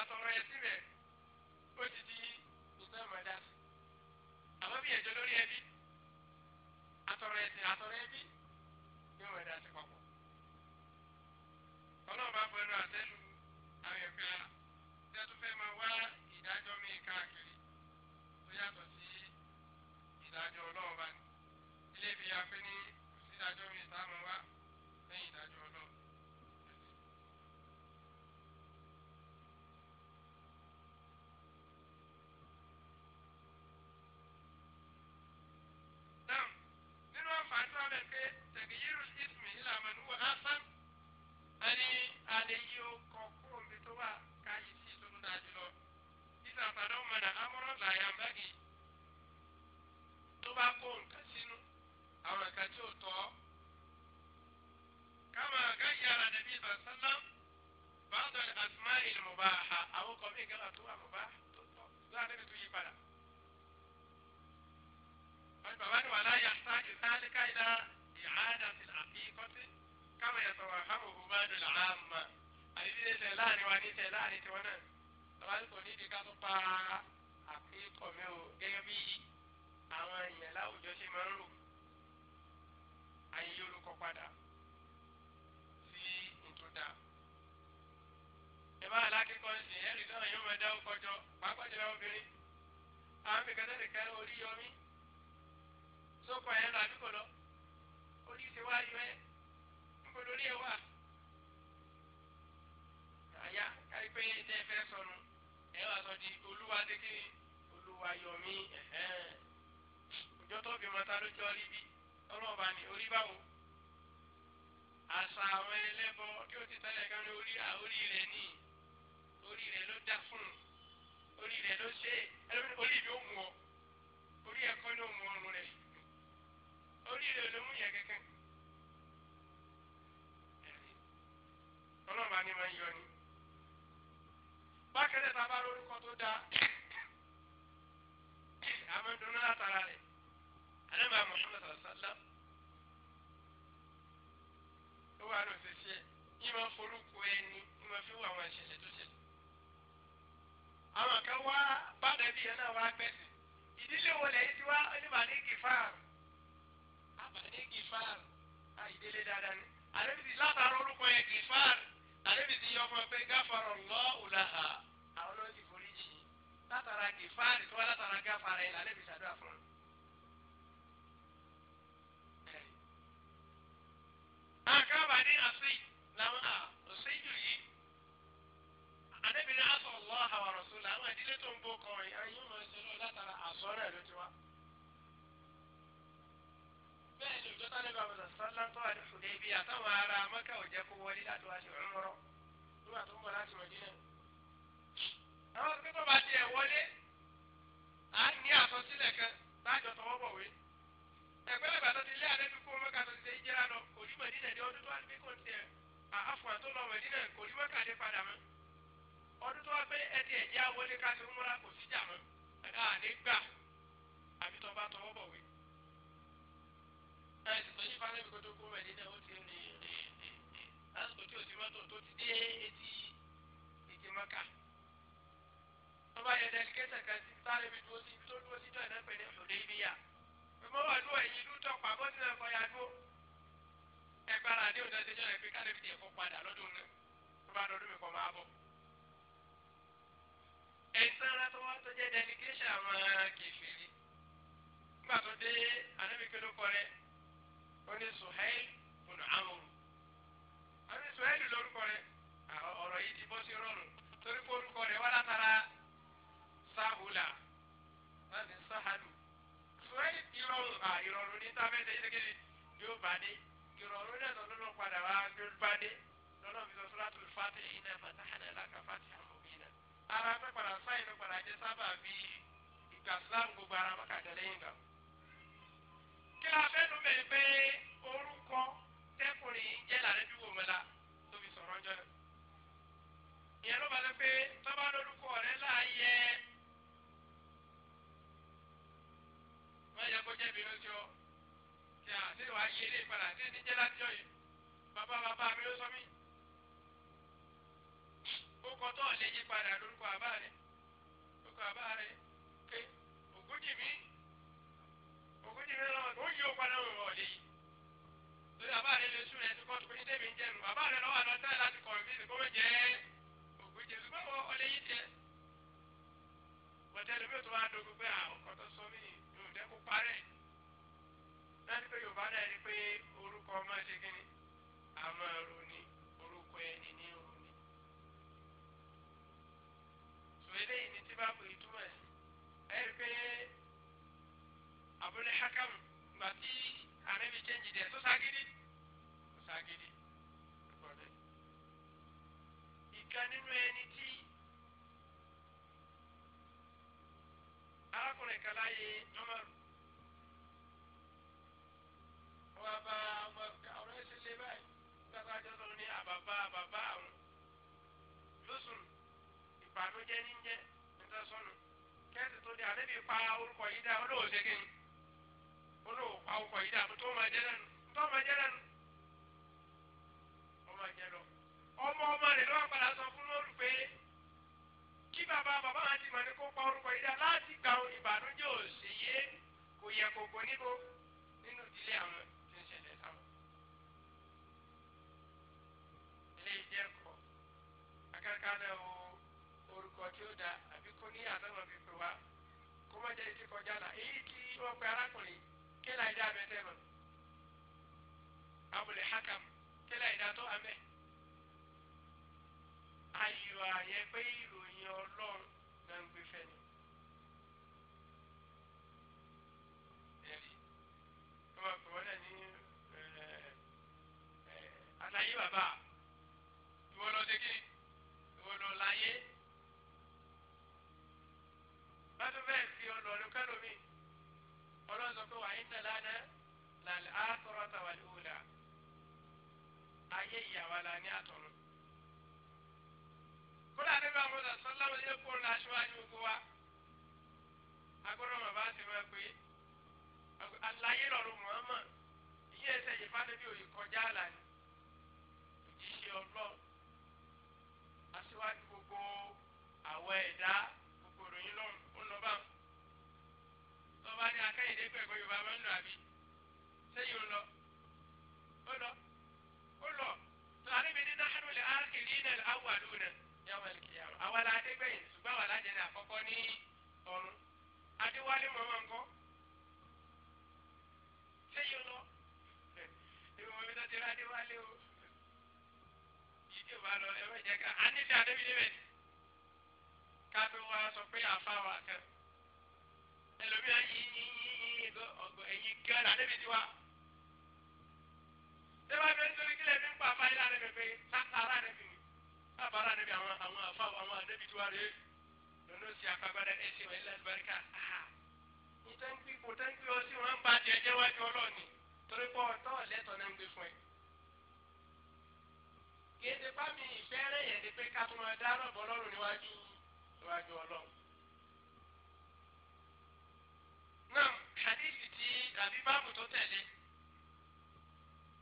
àtọ̀rọ̀ ẹ̀ rẹ ó ti di ìtàn mọ̀dásí àmọ́ bí ẹjọ lórí ẹbí àtọ̀rọ̀ ẹ̀sìn àtọ̀rọ̀ ẹbí yóò mọ̀dásí papọ̀ bá àwọn tí a tún fẹ́ máa wá ìdájọ́ mi káàkiri tó sí bá ní ilé ìfìyà pé ní وسلم بعض الأسماء المباحة أو قبل كما توا مباح لا نبي يبالا البوان ولا يحتاج ذلك إلى إعادة العقيقة كما يتوهمه بعض العامة أي لا نواني لا نتوانا طبعا توني بكاتو àkíkọ̀ mi ò gẹ́gẹ́ bí àwọn èèyàn láwùjọ ṣe máa ń rò àyè máa dáwó kọjọ pàápàá jùlọ obìnrin àwọn mìkan náà nìkan orí yọmí sókò ẹ̀ lọ àdúgbò lọ orí ti wá yọ ẹ́ níbo lórí ẹ̀ rẹ̀ ló dá fún un orí rẹ̀ ló ṣe orí mi ò mú ọ orí ẹ̀kọ́ ló mú ọrùn rẹ̀ orí rẹ̀ ló mú yẹ kankan. ọlọ́ọ̀bá ni máa ń yọ ni bákẹ́lẹ́ tá a bá lórúkọ tó dáa àmọ́ dunu látara rẹ̀ alẹ́mọ̀ àmọ̀ṣọ́lá sàlá ó wà lóṣèṣe yìí máa forúkọ ẹni yìí máa fi wà wọn ṣẹṣẹ tó àwọn kan wá bá dàbí yẹn náà wá gbẹ̀sìn ìdílé wo lẹ́yìn tí wá onímọ̀ ní gifáàrù àmọ̀ ní gifáàrù à ìdílé dáadáa ni àlébìsì látara orúkọ yẹn gifáàrù àlébìsì yọ ọmọ pé gáfàrọ̀ lọ́ òlàhà àwọn olóyìn ìforíjì látara gifáàrù tí wọ́n látara gáfàrà yẹn àlébìsì àdúrà fún un. àkàbà ní àṣeyù làwọn àṣeyù yìí àdébìnrin aṣọ ọ̀lọ́ àwọn rọ̀ṣọ́lá àwọn ìdílé tó ń bó kọ ìyá yóò máa ṣe lọ látara àsọ́rẹ̀ ló ti wá. bẹ́ẹ̀ ni òjò tálẹ́bà mọ̀tà sálá tó wà ní fùdébí àtàwọn ará mọ́kà ò jẹ́ kó wọlé láti wá sí ọ̀rọ̀ nígbà tó ń bọ̀ láti Mọdínà. àwọn akẹ́kọ̀ọ́ bá tiẹ̀ wọlé à ń ní àsọsílẹ̀ kan láàjọ tọwọ́ bọ̀wé. ẹ̀gbẹ́ ìbàdàn ti lé àdẹ́dúkú ọdún tó wá pé ẹni ẹ̀jẹ̀ awọlé ká ṣe múra kò sí jàmọ́ ẹ̀ka nígbà àbí tó bá tọwọ́ bọ̀wé. ẹ sì tọ́jú fún anábì kótó kó mẹ́lẹ́ náà ó ti rìn rìn rìn lásìkò tí òsì mọ́tò tó ti dé etí etí mọ́kà. tó bá yẹ dẹ́líkẹ́tà kan sí sáré mi dúró sí ibi tó dúró sí jọ ìná pẹ̀lú ìṣòro ìníyà. mo wà lú ẹ̀yìn ìlú tọ̀pá bó ti lọ́kọ̀ ya dúró. ẹgbàrá àdéhùn náà ṣe jọ sára tó wá tó jẹ́ dẹ́lígéṣà àwọn kẹfìrí nígbà tó dé anábìkẹ́lẹ́ kọ́rẹ́ ó ní Suhail ibn Amr ó ní Suhail lórúkọ rẹ̀ ọ̀rọ̀ yìí ti bọ́ sí rọrùn torí pé orúkọ rẹ̀ wá látara sahula láti sahalu Suhail ìrọ̀rùn à ìrọ̀rùn ní tábẹ́tẹ̀ ìdíkiri yóò bá dé ìrọ̀rùn náà lọ́nà padà wá ló bá dé lọ́nà fi sọ ara pẹ́ padà sáyìn ló padà jẹ́ sábà bí ìgbà sílámù gbogbo ara mọ́kàdá lẹ́yìn gbà. kí la fẹ́ nu bẹ́ẹ̀ pé orúkọ tẹ́kùnrin jẹ́ làrẹ́ bí wòmọ́lá tóbi sọ̀rọ̀ jọ. ìyẹn ló bá lọ pé tọ́ba lórúkọ rẹ̀ láàyè wọ́n yẹ kó jẹ́ mi lójó kí a ṣe wàá yé ilé ìpadà ṣé ní jẹ́ láti jọ yìí bàbá bàbá mi ló sọ mí orúkọ tó lè yí padà lórúkọ àbá rẹ lórúkọ àbá rẹ ké ògúndìmí ògúndìmí lọ́wọ́ ó yí òkú àná òwò lè yí lórí àbá rẹ lè sùn ẹni kọ́ tó ní débi ń jẹnu àbá rẹ lọ́wọ́ àlọ́ táyà láti kọ̀ mí ní kó jẹ́ ògúndìmí ṣùgbọ́n wọ́n ọlẹ́ yí tiẹ̀ bọ̀dẹ́ lómi tó wá dogun pé àwọn kan tó sọ mí yóò dẹ́kun parẹ́ láti pé Yorùbá náà rí pé orúkọ ọmọ ṣe kíni àmọ́ ẹrù eléyìí ni tí báàbù yìí túmọ̀ sí ẹ rí pé abúlé hakam gbà tí ànábi chẹ́ǹjì dẹ̀ tó ságídí tó ságídí gbọ́dọ̀ ìkan nínú ẹni tí arákùnrin kan láyé ọmọrù. jẹ́ ní jẹ́ níta sọnù kẹ́sì tó dé ànábì pa orúkọ yìí dá olóò ṣe kíni olóò pa orúkọ yìí dá tó máa jẹ́ lẹ́nu tó máa jẹ́ lẹ́nu ọmọ jẹ lọ ọmọ ọmọ rẹ lọ́wọ́ padà sọ fún lórí pé kí bàbá bàbá wọn ti mọ̀ ní kó pa orúkọ yìí dá láti gba ìbànújẹ́ òṣèyé kò yẹ kò kò níbo nínú ìdílé àwọn tí ń ṣẹlẹ̀ sáwọn. ilé ìjẹ́kọ̀ọ́ akẹ́kọ̀ọ́ náà wọ ẹ̀kọ́ tí ó da àbí kó ní àtọ́nà fífi wá kó má jẹ́ ìdí kọjá là èyí tí wọ́n pe arákùnrin kílà ìdá abẹ́tẹ́ mọ̀ abul hakam kílà ìdá tó amẹ́ ayọ̀ àyẹ pé ìròyìn ọlọ́run náà ń gbé fẹ́ ni. ẹ̀rí wọ́n pè wọ́n náà ní àtàyé bàbá. lana lal akhirata wal ula ayé ìyàwó la ní àtọ̀run. kódà níbi àwọn ọ̀dà sọ́láwọ́ yẹ kó lọ aṣáájú gbogbo wa agbọ́dọ̀ mọ̀ bá ti máa pé alayé lọ́rọ̀ mọ̀ọ́mọ̀ iye ẹsẹ̀ yìí fádébí òye kọjá àlàyé òjíṣẹ́ ọlọ́run aṣáájú gbogbo àwọn ẹ̀dá. wọn bá ní akẹ́yìndé pẹ̀lú yorùbá máa ń lọ àbí sẹ́yìn ń lọ ó lọ ó lọ tó alẹ́mi ní náhánú lè ákìlì náà awọ àlùmọ̀ yàwọn ìkìyàwó àwọn aládé gbẹ̀yìn ṣùgbọ́n àwọn aládé ní àkọ́kọ́ ní ọ̀run adéwálé mọ̀mọ́ ńkọ́ sẹ́yìn ń lọ ìwọ̀n mi tó ti rá adéwálé o yìí tí o bá lọ ẹ bẹ́ẹ̀ a nílẹ̀ adébíyẹ́ bẹ́ẹ̀ ká tó wá ẹlòmí ẹyin ẹyin kí ọ̀dà níbi tiwa. ṣé wàá bẹ nítorí kílẹ̀ ní pa afáyé lára rẹ̀ pé sáka ara rẹ̀ bì mí sábà ara rẹ̀ bì àwọn àwọn àfa àwọn àdébí tiwa rẹ̀ lọ́nà sí akagbada ẹ̀ ṣe wọ́n ilẹ̀ àlùbáríkà. ìtẹ́ǹkì kò tẹ́ǹkì ọ sí wọn ń ba tiẹ̀ jẹ́ wájú ọlọ́ọ̀ni torí pé ọ̀tọ́ lẹ́tọ̀ọ́ náà hadithi ti àbí báàbù tó tẹ̀lé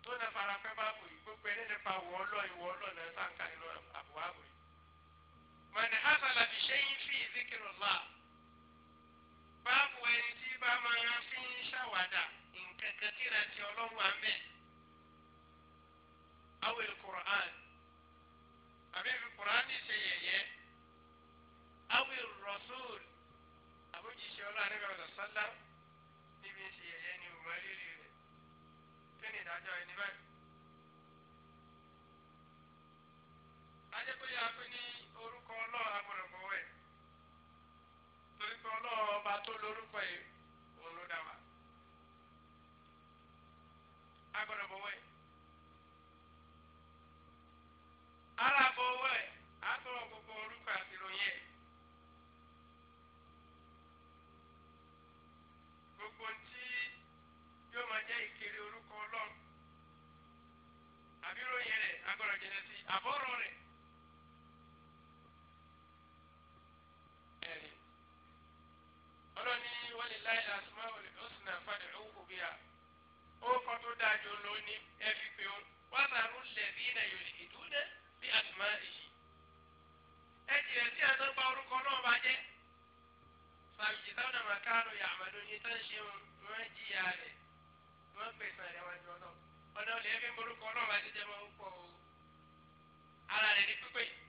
tó na fara pẹ́ báàbù yìí gbogbo ẹni nípa wọ́ ọlọ́ ìwọ́ ọlọ́ náà sáǹkà nínú àbúwábù yìí. mọ̀nà hasala fi ṣe yín fi zikirullah báàbù ẹni tí bá máa fi ń ṣàwádà nǹkan kan ti ọlọ́run àmẹ́ awé Qur'an àbí fi Qur'an ní ṣe yẹ̀yẹ́ awé Rasul àbójíṣẹ́ ọlọ́run rẹ̀ sọ́lá níbi ṣe ẹ̀yẹ ni òun rírì rẹ̀ kí ni ìdájọ́ ẹni báyìí. ajẹ́pẹ́yà pé ní orúkọ ọlọ́run agbọ̀dọ̀gbọ̀ wẹ̀ torí pé ọlọ́run ọba tó lórúkọ yìí. walillahi al-asmaul husna fad'uhu biha ó kọ́ tó dájú lónìí ẹ fi pé ó wọ́n sàrú lẹ́bí náà yulhiduna bí asma'ihi. ẹ jìnnà sí àná gba orúkọ náà bá jẹ́ sàbìjìtàwọn àmà kánú yàmàdó ní tán ṣe wọn jìyà rẹ wọn pèsè rẹ wọn jọ náà ọ̀nà olè fi náà bá ti jẹ́ mọ́ púpọ̀ o ara rẹ̀ ní pípé yìí.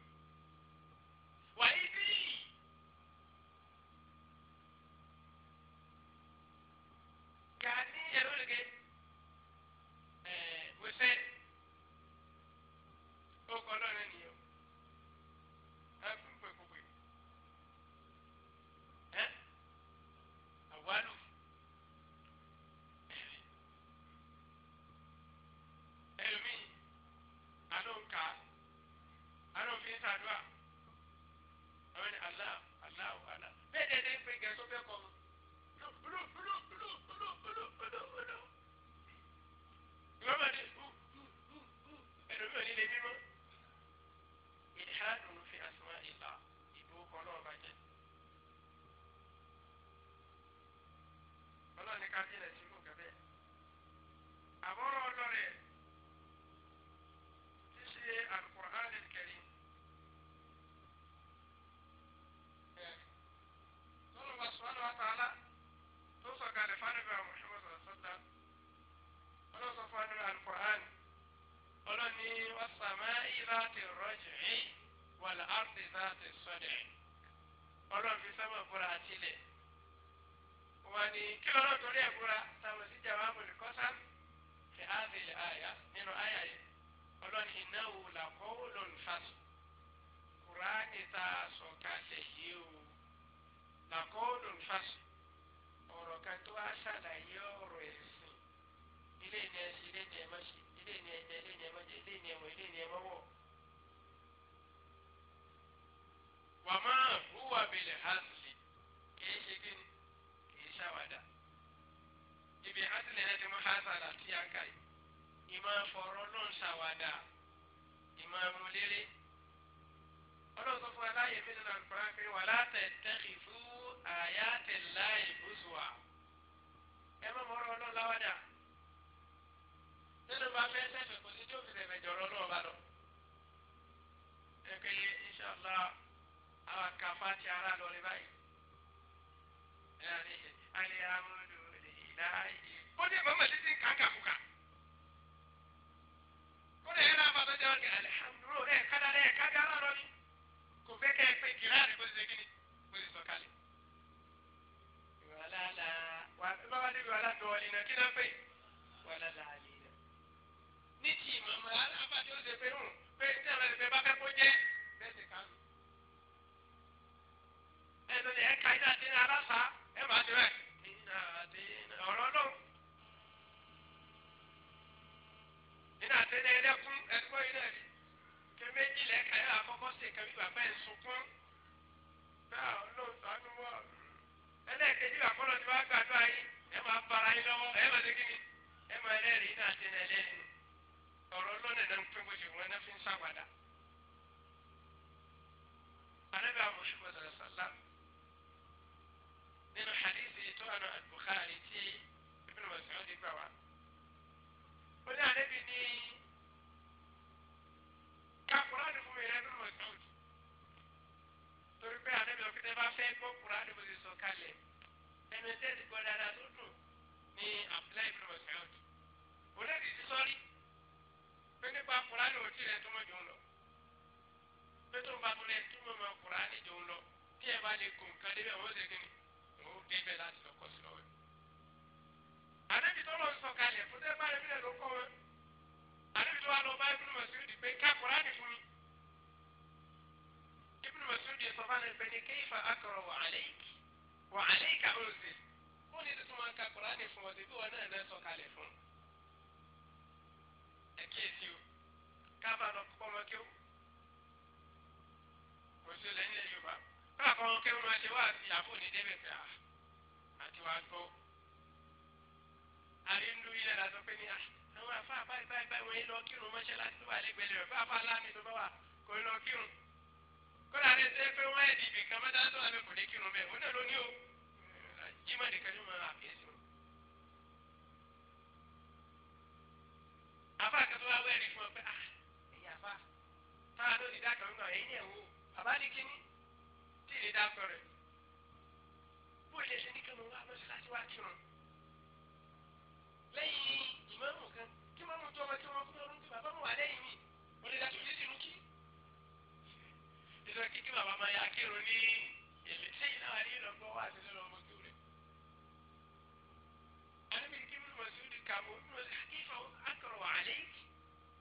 ka fi rẹ̀ sínú kẹfẹ́ àbọ̀rọ̀ ọ̀dọ́ rẹ̀ ti ṣe alukur'an kẹrin. subhanahu wa ta'ala tó sọ kalẹ̀ fánibà muhammad sallam ọlọ́sọ fánibà alukur'an ọlọ́ni wasama ìlàtì rọ́jìí wàlá àrùtì ìlàtì sọ́dẹ̀ ọlọ́fi sábà fúra àtìlẹ̀ wọn ni kí lọ́dọ̀ torí ẹ̀ búra táwọn sì jàmbá mọ̀lẹ́kọ́sá ah, ṣe á ṣe àyà nínú àyà yìí ọlọ́ni ìnáwó làw fẹ́ gbọ́ kuranu bó ti sọ kalẹ̀ ẹnu tẹ́sí gbọ́ dáadáa tó dùn ní abdullahi ibn Mas'ud onídìí ti sọ́rí pé nípa kuranu ò tilẹ̀ tó mọ̀ jù ń lọ pé tó ń bá tó lẹ̀ tó mọ̀ mọ̀ kuranu jù ń lọ bí ẹ bá lè kó nǹkan débẹ̀ wọ́n ṣe kíni òun débẹ̀ láti lọ kọ́ sí lọ́wọ́ àdébí tó lọ sọ kalẹ̀ fún tẹ́ bá rẹ̀ bí lẹ́ kọ́ wọn àdébí tó wà lọ bá ibùdó ibùdó mọ̀sùlùmí sọ fún àlẹ́ ní kéyìfà akọ̀rọ̀ wà àlẹ́yìkì wà àlẹ́yìkà òǹzè ó ní tuntun máa ń ka kùránì fún ọ̀sẹ̀ bí wọn náà náà sọ kalẹ̀ fún un. ẹ kíyèsí o káfà lọ kọ́ ọmọ kéwù kò sí lẹ́yìn Yorùbá káfà ọmọ kéwù máa ṣe wá àti àbò ní débẹ̀ fẹ́ àti wàá gbọ́. àrínú ilẹ̀ la sọ pé ní àwọn afá báyìí báyìí báyìí wọ́n yín lọ kírun mọ́ṣáláṣí tó wà lẹ́gbẹ̀ẹ́ rẹ̀ fáfá láàmì tó bá wà kò lọ kírun kọ́lá rẹ̀ ṣe pé wọ́n ẹ̀dì ibì kan mẹ́ta tó àmì kò ní kírun bẹ́ẹ̀ ó náà ló ní o jimá nìkan ni wọ́n àfihàn. àfa àkàtọ́ wa wẹ́ẹ̀rí fún ọ pé ah ẹ̀yin àfa táwa ló ti dá kan náà ẹ̀yin ẹ̀ wò bàbá ní kíní tí ì dá kọ rẹ̀ bó ṣe ṣe ní kírun wa lọ sí láti wá kírun lẹ́yìn ìmọ̀ọ́mù kan kí mọ́mú tó ọmọ tí wọ́n fún ọdún nínú kíkí bàbá máa ya kírun ní èlé sẹ́yìn náà ní ìlọ́gbọ́ wà sí lọ́wọ́ ọmọ kí o rẹ̀. àlẹ́bí kí bí mo sùn di kàbó bí mo kí fún akọrọ wà alẹ́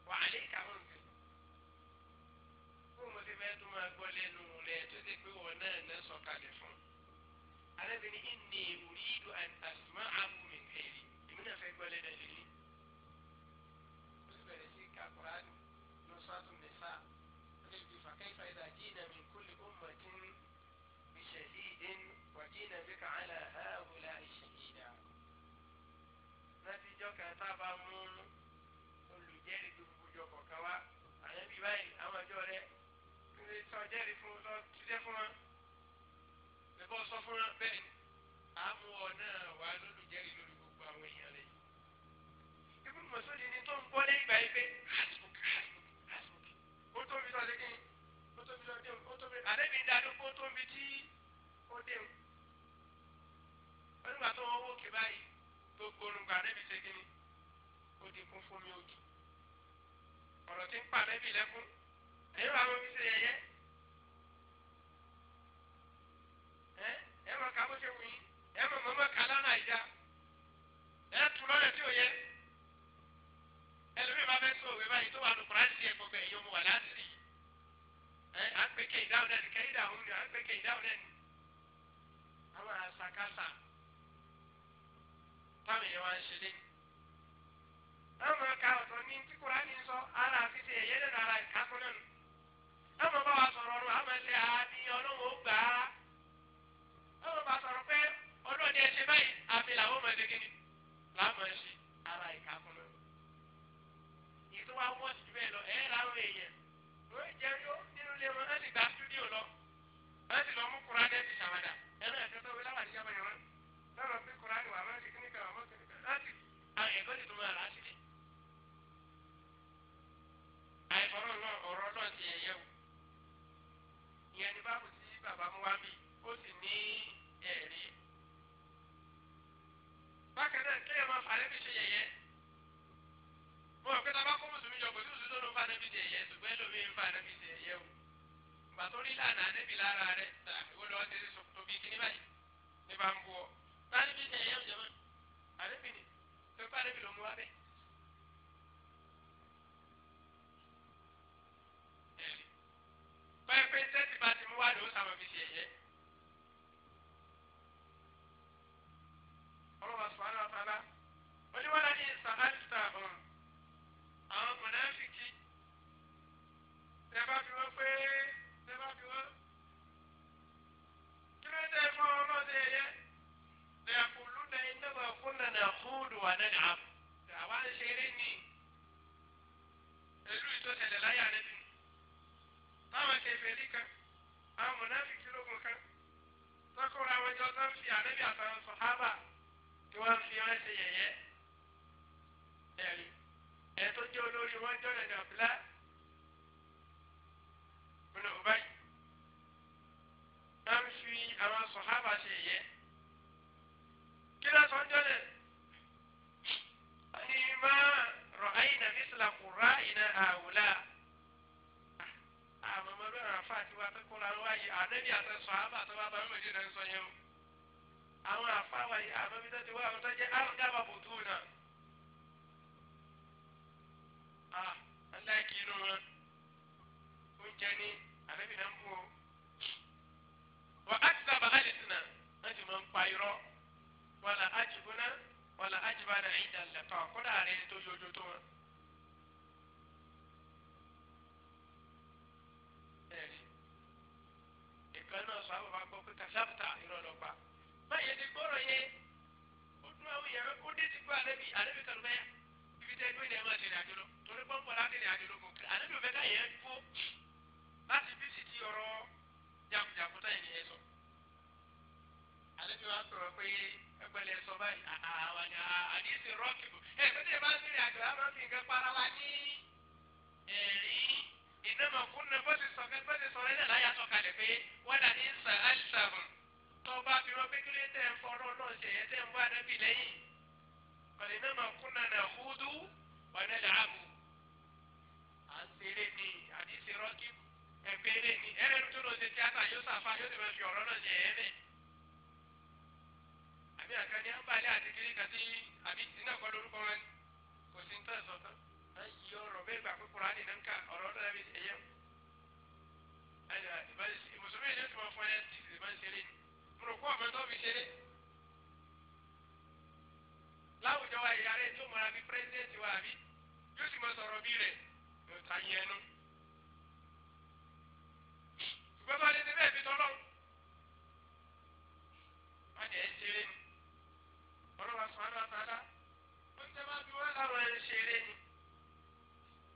wà alẹ́ kàbó nǹkan. fún mo ti fẹ́ tó máa gbọ́ lẹ́nu rẹ̀ tó ti pé wọn náà náà sọ kalẹ̀ fún. àlẹ́bí ní ìnì ìwúrí ìdù àtàkùnmá àbùmí kẹ́rì ìmúnàfẹ́ gbọ́ lẹ́nu ẹ̀lẹ́rì sábà mú olùjẹ́rìí tó gbogbo jọ kọ̀ọ̀kan wá àyẹ̀bí báyìí àwọn àjọ rẹ̀ kíni sọ jẹ́rìí fún lọ jíjẹ́ fún wọn bẹ́ẹ̀ sọ fún wọn bẹ́ẹ̀ ni àmú ọ náà wà lólùjẹ́rìí lórí gbogbo àwọn èèyàn rẹ̀ ibi mọ̀sọ́dì ni tó ń gbọ́ lẹ́yìn báyìí pé hasbuk hasbuk hasbuk ó tóbi lọ sí kíni ó tóbi lọ déun ó tóbi àdébí ìdádókò ó tóbi tí ó déun wọ́n nígbà tó wọ́n wó kí báyìí tó gbóòórùn gbà àdébí ṣe kíni ó di kún fún mi ojú ọ̀rọ̀ tí ń pa nẹ́bí lẹ́kún ẹ̀yọ́ àwọn fi ṣe yẹyẹ ẹ ẹ máa ka bó ṣe wù yín ẹ máa mọ̀ọ́mọ́ ka lára ìjà ẹ tún lọ́rẹ̀ tí ò yẹ ẹlòmíì máa fẹ́ sọ òwe báyìí tó wà lóko láti ṣe ẹ̀kọ́ bẹ́ẹ̀ yọmọ wà láti rí ẹ à ń pè kéyìn dáhùn náà ní dáhùn ní à ń pè kéyìn dáhùn náà àwọn àṣàkáṣà táwọn èèyàn wá ń ṣe lẹ́yìn ọmọ ká ọ̀tọ̀ ní tí kúránì sọ ara àti ṣe ẹ̀yẹ́ lẹ́nu ara ìkákọ́ lẹ́nu ọmọ bá wa sọ̀rọ̀ ọ̀run àmọ́ ṣe àní ọlọ́run ó gbà á ọmọ bá sọ̀rọ̀ pé ọlọ́ọ̀ni ẹ ṣe báyìí àfi làwọn ọmọ ẹ̀dẹ́gẹ́ ni làwọn ẹ̀ ṣe ara ìkákọ́ lẹ́nu ètò wa wọ́n ti bẹ́ẹ̀ lọ ẹ̀ láwọn èèyàn wọ́n jẹ́ yó nínú ilé wọn láti gba stúdíò lọ láti lọ mú kúránì ẹ̀ ti ṣàwádà ẹ̀rọ ẹ̀ṣẹ́ tó wí láwàdí yàrá yàrá lọ́rọ̀ pé kúránì wà sọ̀rọ̀ ti ẹ̀yẹ wò ìyẹn ni báàbù tí bàbá mú wá bí ó sì ní ẹ̀rí. bákan náà kéèyàn máa fà lẹ́bi ṣe yẹ̀yẹ́ mo rò pé tábà kó mùsùlùmí jọ pẹ̀lú ìṣúná ló ń fa lẹ́bi ṣe yẹ̀yẹ́ ṣùgbọ́n ẹlòmíì ń fa lẹ́bi ṣe yẹ̀yẹ́ wò ìgbà tó rí lànà lẹ́bi lára rẹ̀ ìwọ lọ́wọ́ ti rí tóbi kíní báyìí ní bá ń bu ọ. bá lẹ́bi ṣe yẹ̀yẹ́ òjò mọ́ àlẹ́bi ni tó bá lẹ́bi ló mú wá bẹ́ẹ̀. tẹ ẹgbẹ́ ìdẹ́ máa tẹ̀lé àjò lọ torí pọ́ńpọ́ láti tẹ̀lé àjò lọ kò kí àdébí òfẹ́ ká yẹn kó láti bí sì ti ọ̀rọ̀ jagunjagun táyì ni ẹ sọ. àdébí wa sọ̀rọ̀ pé ẹgbẹ́lẹ̀ sọ báyìí àwọn àdìsí rọ́ọ̀kì bò ẹ ẹgbẹ́ tẹ̀lé bá ń tẹ̀lé àjò láwọn fi nǹkan para wa ní ẹ̀rín ìnámọ̀kúnnà bó ti sọ̀kẹ́ bó ti sọ̀rọ̀ ẹ̀dá láyà sọ̀kalẹ̀ pé wọ́n dà ní sàálì sàrùn tọ́ba fi rọ́ pé kílé tẹ̀ ń fọ́rọ́ náà ṣèyẹ tẹ̀ ń wá nábì lẹ́yìn. فإنما كنا نخوض ونلعب àṣeré ni àdìsí rọ́kì ẹgbẹ́rẹ́ ni ẹlẹ́nu tó lọ ṣe tíátà yóò sàfà yóò sì máa fi ọ̀rọ̀ náà ṣe ẹ̀ẹ́mẹ̀. àbí àkàn ní àbálẹ̀ àti kiri kàtí àbí tí náà kọ́ lórúkọ wọn kò sí ń tẹ̀sán tán á yí ọ̀rọ̀ bẹ́ẹ̀ gbà pé kúrò á nìyẹn ká ọ̀rọ̀ náà bí ẹ̀yẹ́ mùsùlùmí ni ó ti máa fún ẹ láwùjọ wa ìyá rẹ̀ tó mọ̀ra bí pírẹ́sidẹ́ntì wa àbí yóò sì mọ sọ̀rọ̀ bí rẹ̀ yóò ta yẹn nu. ṣùgbọ́n bá a lè ṣe bẹ́ẹ̀ fi tọ́lọ́ wọ́n yẹ ẹ́ ṣeré ni ọlọ́wà sọ̀rọ̀ àtàlà ó ń tẹ́ máa bí wọ́n láwọn ẹ̀ ṣeré ni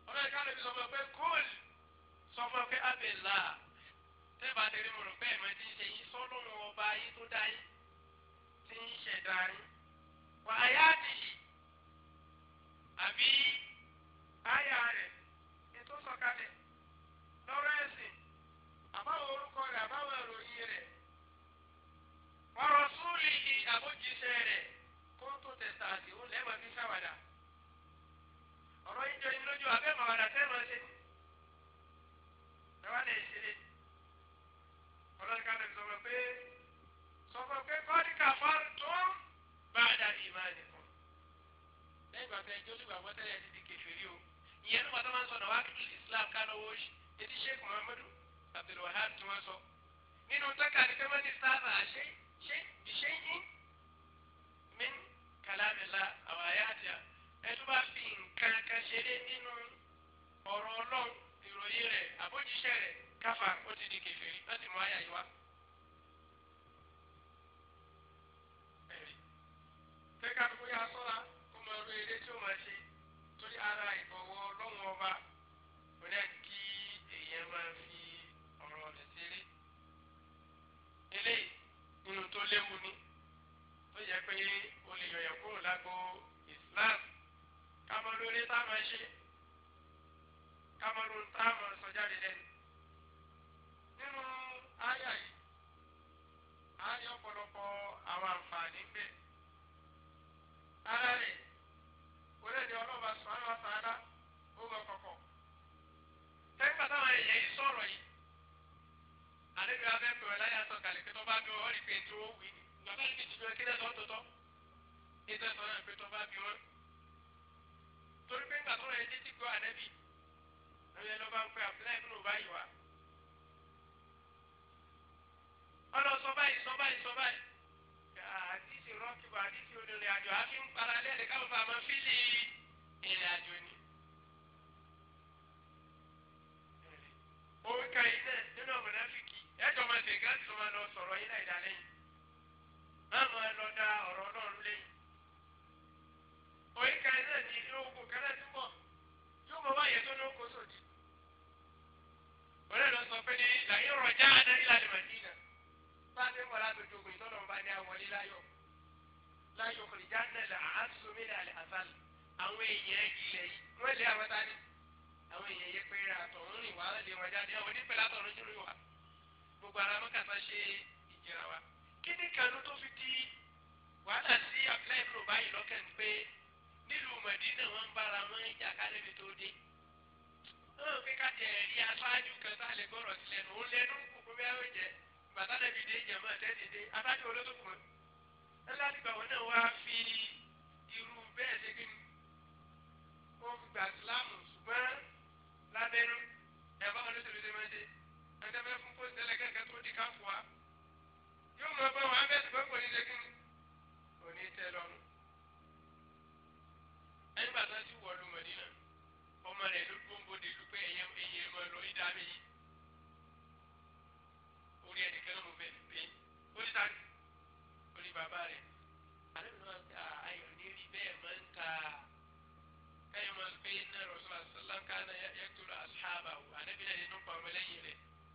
ọlọ́wà ká lè fi sọ̀rọ̀ pé kóòlì sọ̀rọ̀ pé abẹ́là tẹ́ẹ̀bà tẹ̀lé mọ̀rọ̀ bẹ́ẹ̀ mọ̀ ti ń ṣe yín sọ́lọ́run wà á yá nìyí àbí àyà rẹ̀ ètò sọ̀kalẹ̀ lọ́rọ̀ ẹ̀sìn àbáwọ̀ orúkọ rẹ̀ àbáwọ̀ ìròyìn rẹ̀ wọ́n rọ súnlì yìí àbójíṣẹ́ rẹ̀ kó tó tẹ̀sà àti ó lẹ́ẹ̀mọ́ fi sáwàdà ọ̀rọ̀ yìí jọ ìlójú abẹ́mọ̀wàdà tẹ́lọ̀ ṣe ni ẹ wá lè ṣe é. kawakil islam kan owó yìí etí sheikh muhammadu abdulwahab tí wọ́n sọ nínú tọ́ka ni pé mọ́ni sábà ṣe ṣe ṣe yín min kalamila àwọn àyájà ẹ tó bá fi nǹkan kan ṣeré nínú ọ̀rọ̀ ọlọ́run ìròyìn rẹ̀ àbójíṣẹ́ rẹ̀ káfà ó ti di kèfèrí láti mú àyà yìí wá. kẹ́kẹ́ àdúgbò yà sọ́ra kó máa ro eré tí ó máa ṣe torí ara ìbọ̀wọ̀ ọlọ́run ọba. léwu ni tó yẹ pé o lè yọ̀yàn kúrò lágbo Islam kámọ́ lórí táwọn ṣe kámọ́ lórí táwọn sọ jáde lẹ́nu. nínú àyà yìí a rí ọ̀pọ̀lọpọ̀ àwọn àǹfààní ń bẹ. ara rẹ̀ olóde ọlọ́ba sọ̀rọ̀ àtàlà ó gbọ́ kọ̀kọ̀. tẹ́gbà táwọn èèyàn yìí sọ̀rọ̀ yìí àdébíyà fẹ́ pè ọ́ láyà sọ kàlẹ́ pé tó bá bí wọ́n rí pé tí ó wí bàbá yìí kìí ju ẹkẹ́lẹ́ lọ́wọ́ tọ́tọ́ ẹ̀sẹ̀ sọ náà pé tó bá bí wọ́n. torí pé nígbà tó rẹ̀ ẹjẹ́ ti gbọ́ àdẹ́bì ẹ̀yẹ ló bá ń pẹ́ àbúláì nínú báyìí wá. ọlọ sọ báyìí sọ báyìí sọ báyìí àdìsí rọ́kìbọ̀ àdìsí onírìn àjò àfi ń de káwọn bá máa fi lè ìrìn àjò ni. orí kan yìí náà nínú ọ̀mọ̀ná fi ẹjọ máa ṣe gáàsì tó máa lọ sọ̀rọ̀ yín náà ìdálẹ́yìn má máa lọ da ọ̀rọ̀ náà lẹ́yìn òyìnká náà ní ilé oko kálá tó mọ̀ yóò máa wáyé tó lóko sòdì òlẹ́ lọ sọ pé ní ìlàyé rọjá adáríla ni màdínà bá a ti ń wọ látòjò ògùn ìtọ́nà bá ní awọlé láyọ̀ láyọ̀ kìrìjà náà là á sọmí ní àlẹ́ àsálà àwọn èèyàn ilẹ̀ yìí wọ́n lé àwọn tani àwọn èèyàn yẹpẹrẹ àtọ̀ ń rìn wá lé wọn jáde àwọn onípẹ̀lẹ́ àtọ̀ lójú rìn wá gbogbo ara mọ́kà tá ṣe ìjẹra wa kí ni kanú tó fi di wàhálà sí abdullahi ibùdó báyìí lọ́kàn ń pé nílùú mọ̀dínà wọ́n ń bára wọn ń jà kálẹ̀ mi tó dé náà pé ká tẹ̀ ẹ̀rí aṣáájú kan tá a lè gbọ́rọ̀ sí lẹ́nu òun lẹ́nu kókó bí àwọn jẹ bàtà lẹ́bi dé jẹ̀mọ́ àtẹ́sí dé aṣáájú olóṣòfò wọn ńlá ti gbà wọn náà wá fi irú bẹ́ẹ̀ ṣe kí ni wọ́n fi gbà sílámù ṣùgbọ́n lábẹ́nu ẹ̀fọ́ olóṣèlú ṣe máa ń ṣe ẹ̀dá bẹ́ẹ̀ fún pósí ẹlẹ́gẹ́ kẹ́ tó di ká fún wa yóò mọ bá wa bẹ́ẹ̀ sùgbọ́n kò ní ṣe kíni kò ní tẹ́ lọ́rùn. ẹni bàtà ti wọ̀ lu Mẹdínà ọmọ rẹ̀ ló gbọ́n bóde lu pé ẹ̀yẹ ẹ̀yẹ mọ lọ ìdá mi yìí orí ẹnìkan ló mọ bẹ́ẹ̀ pé ó ní sáré ó bàbá rẹ̀ àlejò náà ta ayọ̀ ní rí bẹ́ẹ̀ máa ń ta káyọ̀ máa ń pè rọ̀ sọ́lá sọ́lá ká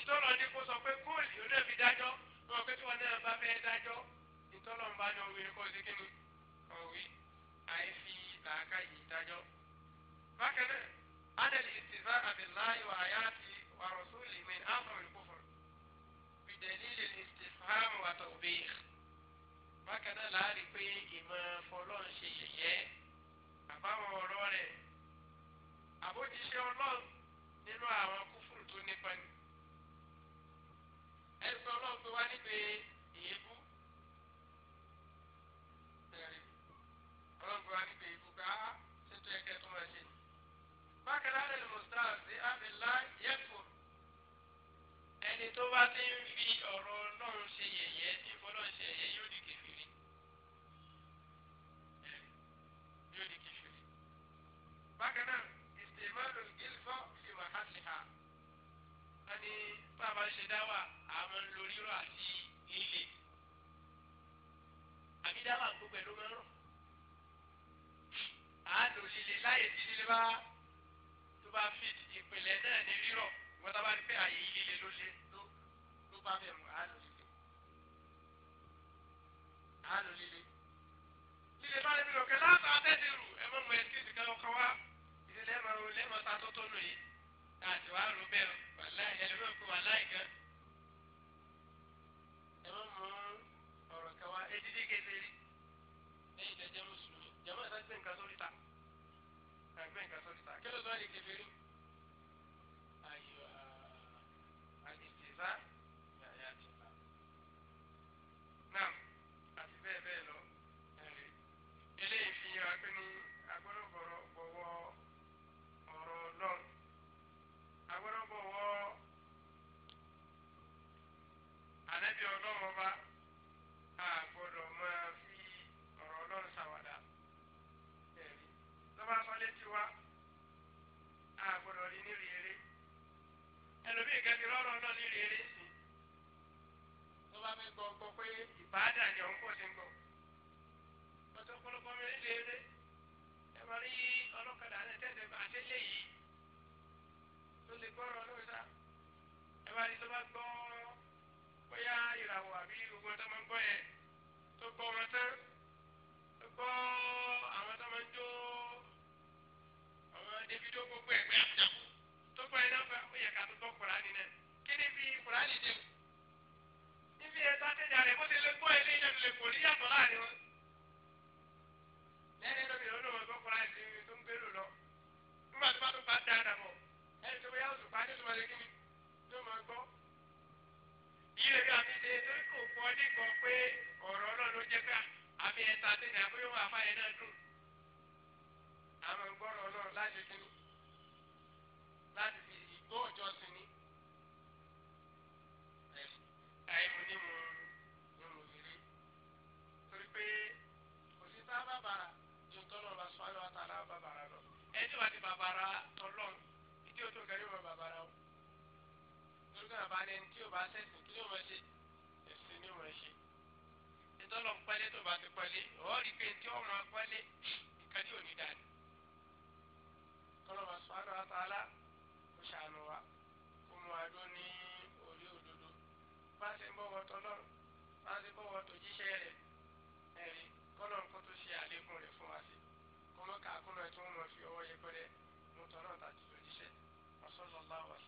ìtọ́lọ̀ ní kó sọ pé kóòlì ó lè fi dájọ́ wọn pé tí wọn náà bá fẹ́ dájọ́ ìtọ́lọ̀ ń bá ní òwe kó ṣe kíni òwe àìfi làákà yìí dájọ́. bákan náà adẹ́lì ìsìnfà àbíláyé wà áyá àti wàrọ̀sọ́lì mi áfọ̀rọ̀ ìkófọ̀rọ̀ bìdẹ̀lì ìsìnfà àmọ̀wàtọ̀ òbí. bákan náà láàrin pé ìmọ̀ fọlọ́n ṣe yẹ̀yẹ́ àbáwọn ọ̀rọ̀ rẹ̀ àbójíṣẹ́ ọlọ́run nínú àwọn kúfùrù tó nípa ni ẹ̀rí pé ọlọ́run pé wá níbi èébú ẹ̀rí ọlọ́run pé wá níbi èébú ká ṣètò ẹ̀kẹ́ tó máa ṣe. bákan náà lẹ́nu mustaf sí abdullá yẹ́kù ẹni tó bá ti ń fi ọ̀rọ̀ ọlọ́run ṣe yẹ̀yẹ́ ní ìfọlọ́run ṣe yẹ̀yẹ́ yóò di kẹfìrí yóò di kẹfìrí. bákan náà ìsèmọ́lù gílfọ́ fi wà hásìhà. wọ́n ní bàbá ṣe dá wà àmọ́ ń lo rírọ̀ àti líle àbí dáhà gbogbo ẹ̀ ló máa ń rọ̀ à ń lo líle láyè tí líle bá tó bá fi ìpìlẹ̀ náà ní rírọ̀ wọ́n tá bá rí pé àyè líle ló lé tó bá bẹ̀ mọ́ à ń lo líle à ń lo líle líle bá lébi lọ́kẹ́ láàbà àtẹ́tẹ̀rù ẹ̀ mọ́ mọ́ ẹ̀ kí ìdíkà ọkọ̀ wá ìdílé ẹ̀ máa ń lẹ́mọ̀ta tó tó nù yìí àti wàá rò bẹ́ẹ̀ wàláì ẹ̀ lọ́wọ́ kó wàláì gan jàmọ́ ìsá gbé nǹkan sórí ta gbé nǹkan sórí ta kí ló sọ ẹ́ di kèfèrí. lọ́nà líle eré sí tó bá fi gbọ́ gbọ́ pé ìbáàdà ni òun kò ti ń gbọ́ ọjọ́ ọ̀pọ̀lọpọ̀ mi líle eré ẹ máa rí ọlọ́kadà ní tẹ́tẹ́ bá àtẹ́lẹ̀ yìí tó lè gbọ́rọ̀ lórí sá ẹ máa rí tó bá gbọ́ bóyá ìràwọ̀ àbí gbogbo ọtọ́ máa ń gbọ́ yẹn tó gbọ́ wọn tán tó gbọ́ àwọn tó máa ń jó àwọn débi tó gbogbo ẹ̀gbẹ́ àjàkú tó gbọ́ yẹn náà fẹ́ ó yẹ ká tó gbọ́ Kùránì náà kéré bí kùránì dé o níbi ẹ̀tọ́ àtẹ̀jà rẹ̀ bó ti lè gbọ́ ilé ìjọba lè kò rí yàtọ̀ láàrin wọn. lẹ́yìn lóbi lọ́dún wọn gbọ́ kùránì ti tó ń gbèrò lọ nígbà tó bá tó bá dáadáa mọ̀ ẹni tó bá yà òṣùpá ní ìtumọ̀ lẹ́kìnní tó máa gbọ́. ìyẹn bí àmì ṣe torí kò fọ nígbà pé ọ̀rọ̀ náà ló jẹ́ pé àmì ẹ̀tọ́ àtẹ̀jà bóyá wọn àfáyẹ náà dùn. àwọn gbọ́rọ̀ náà láti fi gbọ́ ọ̀jọ́sìn bàbàrà tọlọ́n ìdí o tó kẹrí o mọ bàbàrà o torí kan bá ní ẹni tí o bá sẹ́sìn kí ni o mọ̀ ṣe ẹ̀sìn ni o mọ̀ ṣe ìtọ́lọ̀ ń pẹ́lẹ́ tó bá ti pẹ́lẹ́ ọ̀ọ́ rí pé tí o mọ̀ pẹ́lẹ́ ìkàdí ò ní dání kọlọ́mà sọ́nà àtàlà kò ṣàánú wa kò mú adó ní orí òdodo bá ṣe ń bọ̀wọ̀ tọ́lọ́run bá ṣe ń bọ̀wọ̀ tòjíṣẹ́ rẹ̀. Allahu Akbar.